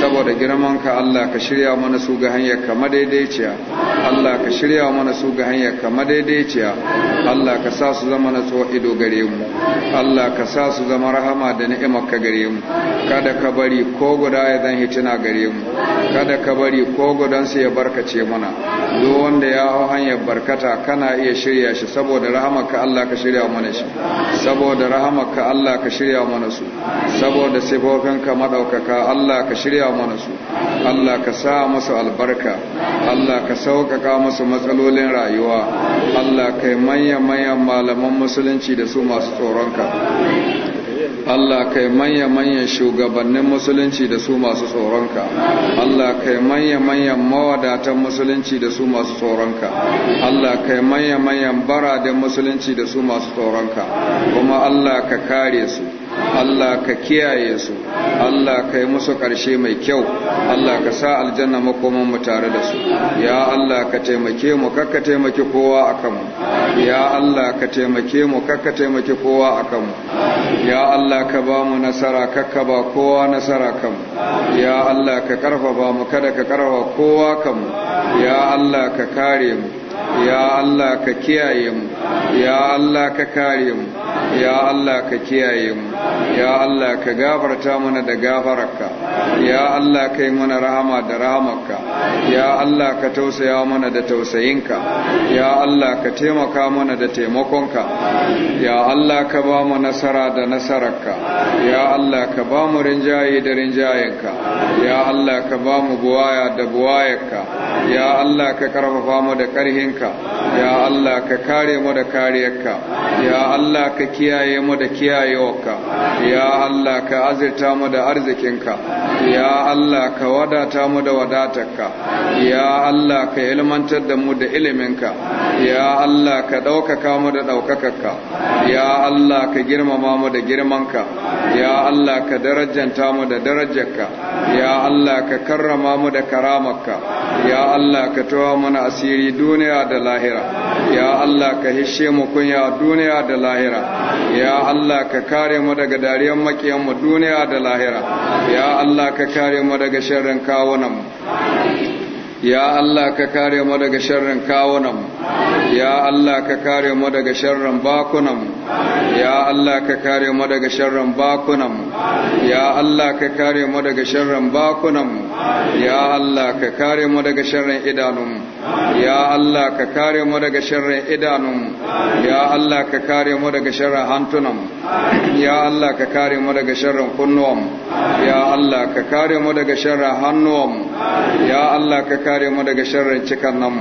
saboda girmanka Allah ka shirya mana su ga hanyar ka madaidaiciya Allah ka shirya mana su ga hanyar ka madaidaiciya Allah ka sa su zama natsuwa ido gare mu Allah ka sa su zama rahama da ni'imar ka gare mu kada ka bari ko guda ya zan hitina gare mu kada ka bari ko gudan ya barkace mana duk wanda ya hau hanyar barkata kana iya shirya shi saboda rahamar ka Allah ka shirya mana shi saboda rahamaka Allah ka shirya mana su saboda sifofinka madaukaka Allah ka shirya mana su Allah ka sa musu albarka Allah ka sauƙaƙa musu matsalolin rayuwa Allah kai manyan manyan malaman musulunci da su masu tsoronka Allah kai manya manyan shugabannin musulunci da su masu tsoronka Allah kai manya manyan mawadatan musulunci da su masu tsoronka Allah kai manya manyan baraden musulunci da su masu tsoronka kuma Allah ka kare su Allah ka kiyaye su Allah ka yi musu ƙarshe mai kyau Allah ka sa aljanna makoman mu tare da su ya Allah ka taimake mu kakka taimake kowa akan mu. ya Allah ka taimake mu kakka taimake kowa akan mu. ya Allah ka ba mu nasara kakka ba kowa nasara mu. ya Allah ka karfafa mu kada ka karfa kowa mu. ya Allah ka kare mu ya Allah ka kiyaye mu ya Allah ka kare mu ya Allah ka kiyaye mu ya Allah ka gafarta mana da gafararka ya Allah kai mana rahama da rahamarka ya Allah ka tausaya mana da tausayinka ya Allah ka taimaka mana da taimakonka ya Allah ka ba mu nasara da nasararka ya Allah ka ba mu rinjaye da rinjayenka ya Allah ka ba mu buwaya da buwayarka ya Allah ka karfafa mu da karhinka ya Allah ka kare mu da kariyarka ya Allah ka ka kiyaye mu da kiyayewarka ya Allah ka azirta mu da arzikinka ya Allah ka wadata mu da wadatarka ya Allah ka ilmantar da mu da iliminka ya Allah ka ɗaukaka mu da ɗaukakarka ya Allah ka girmama mu da girmanka ya Allah ka darajanta mu da darajarka ya Allah ka karrama mu da karamarka ya Allah ka tawa mana asiri duniya da lahira ya Allah ka hishe mu kunya duniya da lahira ya Allah ka kare mu daga dariyar makiyan mu duniya da lahira ya Allah ka kare mu daga sharrin kawunan mu ya Allah ka kare mu daga sharrin kawunan ya Allah ka kare mu daga sharrin bakunan ya Allah ka kare mu daga sharrin bakunan ya Allah ka kare mu daga sharrin bakunan ya Allah ka kare mu daga sharrin idanun ya Allah ka kare mu daga sharrin idanun ya Allah ka kare mu daga sharrin hantunan ya Allah ka kare mu daga sharrin kunnuwan ya Allah ka kare mu daga sharrin hannuwan ya Allah ka kare mu daga sharrin cikan nan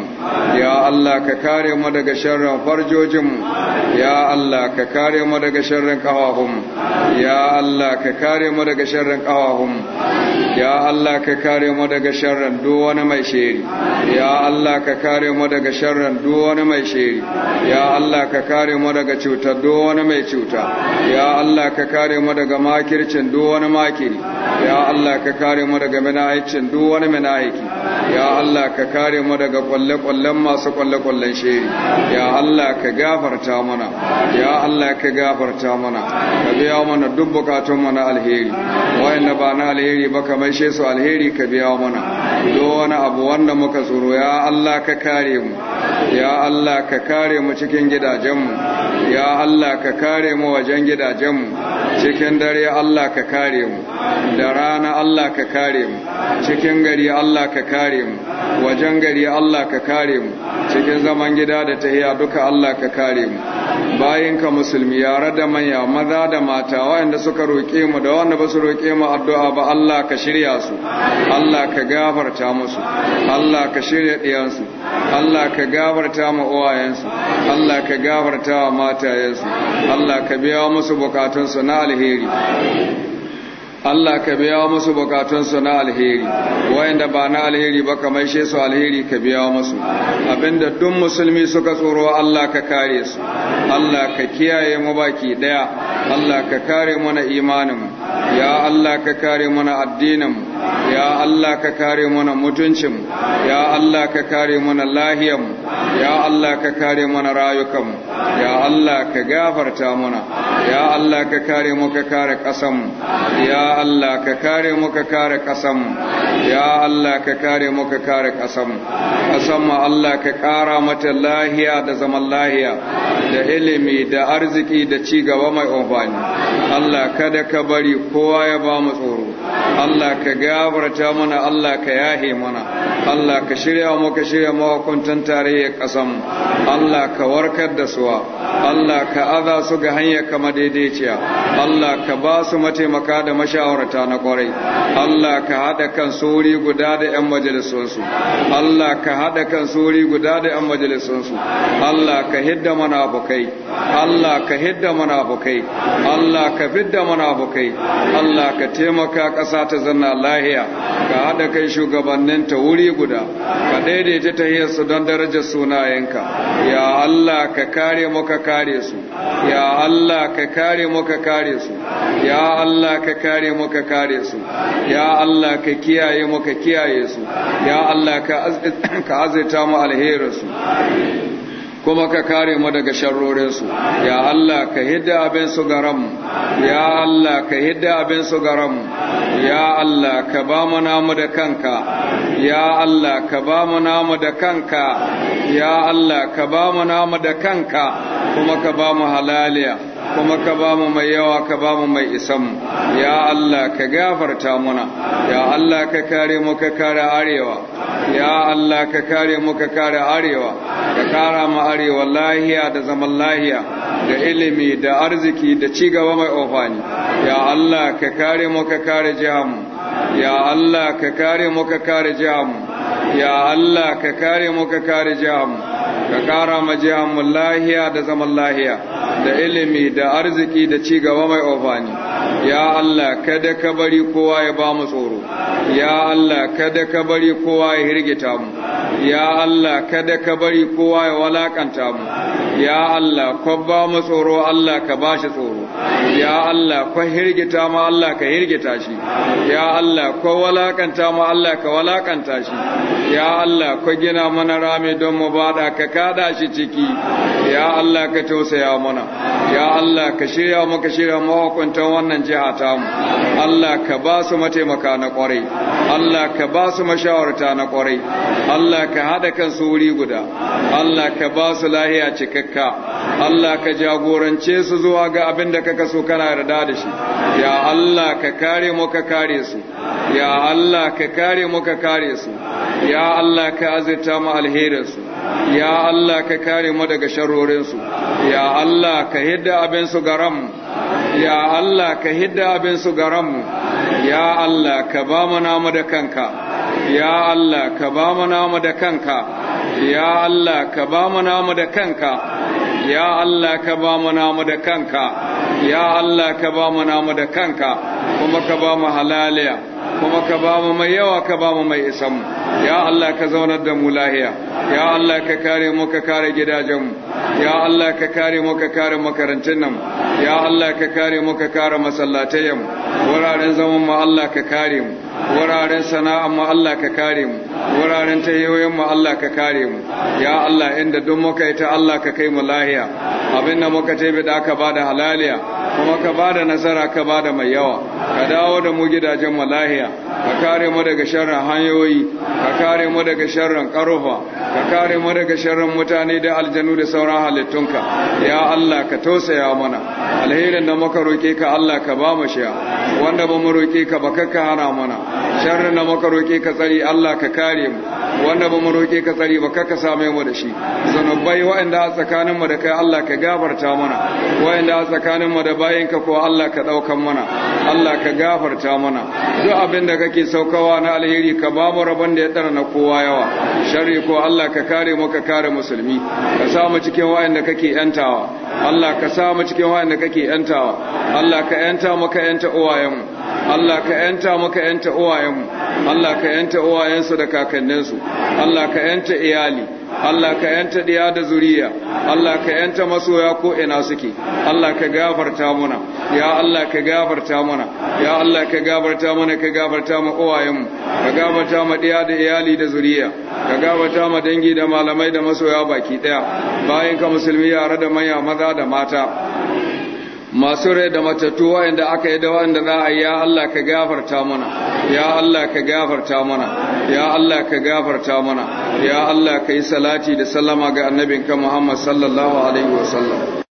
ya Allah ka kare mu daga sharrin farjojin ya Allah ka kare mu daga sharrin kawahum ya Allah ka kare mu daga sharrin kawahum ya Allah ka kare mu daga sharran duk wani mai shiri. ya Allah ka kare mu daga sharran duk wani mai shiri. ya Allah ka kare mu daga cuta duk wani mai cuta ya Allah ka kare mu daga makircin duk wani makiri ya Allah ka kare mu daga mina'icin duk wani mina'iki ya Allah ka kare mu daga kwalle-kwallen masu kwalle-kwallen shiri. ya Allah ka gafarta mana ya Allah ka gafarta mana ka biya mana duk bukatun mana alheri wa'anda ba na alheri ba kamar maishe su alheri ka biya mana don wani abu wanda muka tsoro ya Allah ka kare mu ya Allah ka kare mu cikin gidajenmu ya Allah ka kare mu wajen gidajenmu cikin dare Allah ka kare mu da rana Allah ka kare mu cikin gari Allah ka kare mu wajen gari Allah ka kare mu cikin zaman gida da tahiya duka Allah ka kare mu ka musulmi yare da manya maza da mata waɗanda suka roƙe mu da wanda ba su roƙe mu addu'a ba Allah ka shi shirya su Allah ka gafarta musu Allah ka shirya ɗiyansu Allah ka gafarta ma uwayensu Allah ka gafarta wa matayensu Allah ka biya musu bukatunsu na alheri Allah ka biya musu bukatunsu na alheri wayanda ba na alheri ba ka maishe su alheri ka biya musu abinda duk musulmi suka tsoro Allah ka kare su Allah ka kiyaye mu baki daya Allah ka kare mu na imanin mu ya Allah ka kare mana addininmu ya Allah ka kare mana mutuncinmu ya Allah ka kare mana lahiyanmu ya Allah ka kare mana rayukanmu ya Allah ka gafarta mana ya Allah ka kare mu ka kare ƙasanmu ya Allah ka kare mu ka kare ƙasanmu ya Allah ka kare mu ka kare ƙasanmu ƙasanmu Allah ka ƙara mata lahiya da zaman lahiya da ilimi da arziki da ci gaba mai amfani Allah kada ka bari kowa ya ba mu tsoro Allah ka gabarta mana Allah ka yahe mana Allah ka shirya mu ka shirya mawakuntan tarayya kasan Allah ka warkar da suwa Allah ka aza su ga hanyar kama daidaiciya Allah ka ba su mataimaka da mashawarta na kwarai Allah ka haɗa kan suri guda da 'yan majalisunsu Allah ka haɗa kan suri guda da 'yan majalisunsu Allah ka hidda munafukai Allah ka hidda munafukai Allah ka fidda munafukai Allah ka taimaka ƙasa ta zanna lahiya ka haɗa kai shugabanninta wuri guda ka daidaita ta su don darajar sunayenka ya Allah ka kare maka kare su ya Allah ka kare mu ka kare su ya Allah ka kare mu ka kare su ya Allah ka kiyaye mu ka kiyaye su ya Allah ka azita mu alherin su kuma ka kare mu daga sharrorinsu ya Allah ka hidda abin su garam ya Allah ka hidda abin su garam ya Allah ka ba mu namu da kanka ya Allah ka ba mu namu da kanka ya Allah ka ba mu namu da kanka kuma ka ba mu halaliya kuma ka ba mu mai yawa ka ba mu mai isanmu ya Allah ka gafarta muna ya Allah ka kare mu ka kare arewa ya Allah ka kare mu ka kare arewa ka kara mu arewa lahiya da zaman lahiya da ilimi da arziki da ci gaba mai ofani ya Allah ka kare mu ka kare jiham. ya Allah ka kare mu ka kare jiham. ya Allah ka kare mu ka kare jiham. ka ƙara majiyan mu lahiya da zaman lahiya da ilimi da arziki da ci gaba mai ofani ya Allah kada ka bari kowa ya ba mu tsoro ya Allah kada ka bari kowa ya hirgita mu ya Allah kada ka bari kowa ya walakanta mu ya Allah ka ba mu tsoro Allah ka ba shi tsoro ya Allah ka hirgita mu Allah ka hirgita shi ya Allah ka walakanta mu Allah ka walakanta shi ya Allah ka gina mana rami don mu bada ka kada shi ciki ya Allah ka tausaya mana ya Allah ka shirya mu ka shirya mahukuntan wannan jiha ta mu Allah ka ba su mataimaka na kwarai Allah ka ba su mashawarta na kwarai Allah ka haɗa kan su wuri guda Allah ka ba su lahiya cikakka Allah ka jagorance su zuwa ga abin da kaka so kana yarda da shi ya Allah ka kare mu ka kare su ya Allah ka kare mu ka kare su ya Allah ka azurta mu alherin su ya Allah ka kare mu daga sharorin su ya Allah ka hidda abin su garam ya Allah ka hidda abin su garanmu ya Allah ka ba mu namu da kanka ya Allah ka ba mu namu da kanka ya Allah ka ba mu namu da kanka ya Allah ka ba mu namu da kanka ya Allah ka ba mu namu da kanka kuma ka ba mu halaliya kuma ka ba mu mai yawa ka ba mu mai isanmu. ya Allah ka zaunar da mu lahiya ya Allah ka kare mu ka kare gidajenmu ya Allah ka kare mu ka kare makarantun nan ya Allah ka kare mu ka kare masallatayen wuraren zaman mu Allah ka kare mu wuraren sana'an mu Allah ka kare mu wuraren tayoyin mu Allah ka kare mu ya Allah inda duk muka yi ta Allah ka kai mu lahiya abinda muka tabi da aka bada halaliya kuma ka ba da nasara ka ba da mai yawa ka dawo da mu gidajen malahiya ka kare mu daga sharrin hanyoyi ka kare mu daga sharrin karufa ka kare mu daga sharrin mutane da aljanu da sauran halittunka ya Allah ka tausaya mana alherin da muka roƙe ka Allah ka ba mu shiya wanda ba mu roƙe ka ba ka hana mana sharrin da muka roƙe ka tsari Allah ka kare mu wanda ba mu roƙe ka tsari ba ka same mu da shi zanubai wa'anda a tsakaninmu da kai Allah ka gabarta mana wa'anda a tsakaninmu da bayinka ko Allah ka ɗaukan mana Allah ka gafarta mana duk abin da kake saukawa na alheri ka ba rabon da ya tsara na kowa yawa sharri ko Allah ka kare mu ka kare musulmi ka sa mu cikin da kake yantawa Allah ka sa mu cikin da kake yantawa Allah ka yanta mu ka yanta uwayenmu Allah ka yanta mu ka yanta uwayenmu Allah ka yanta uwayensu da kakanninsu Allah ka yanta iyali Allah ka yanta diya da zuriya Allah ka yanta masoya ko ina suke Allah ka gafarta muna ya Allah ka gafarta muna ya Allah ka gafarta mana ka gafarta mu uwayenmu ka gafarta mu diya da iyali da zuriya ka gafarta mu dangi da malamai da masoya baki ɗaya. bayan ka musulmi yare da manya maza da mata masu rai da matattu wa'anda aka yi da wa'anda za a ya Allah ka gafarta mana ya Allah ka gafarta mana ya Allah ka gafarta mana ya Allah ka yi salati da sallama ga annabinka Muhammad sallallahu alaihi wasallam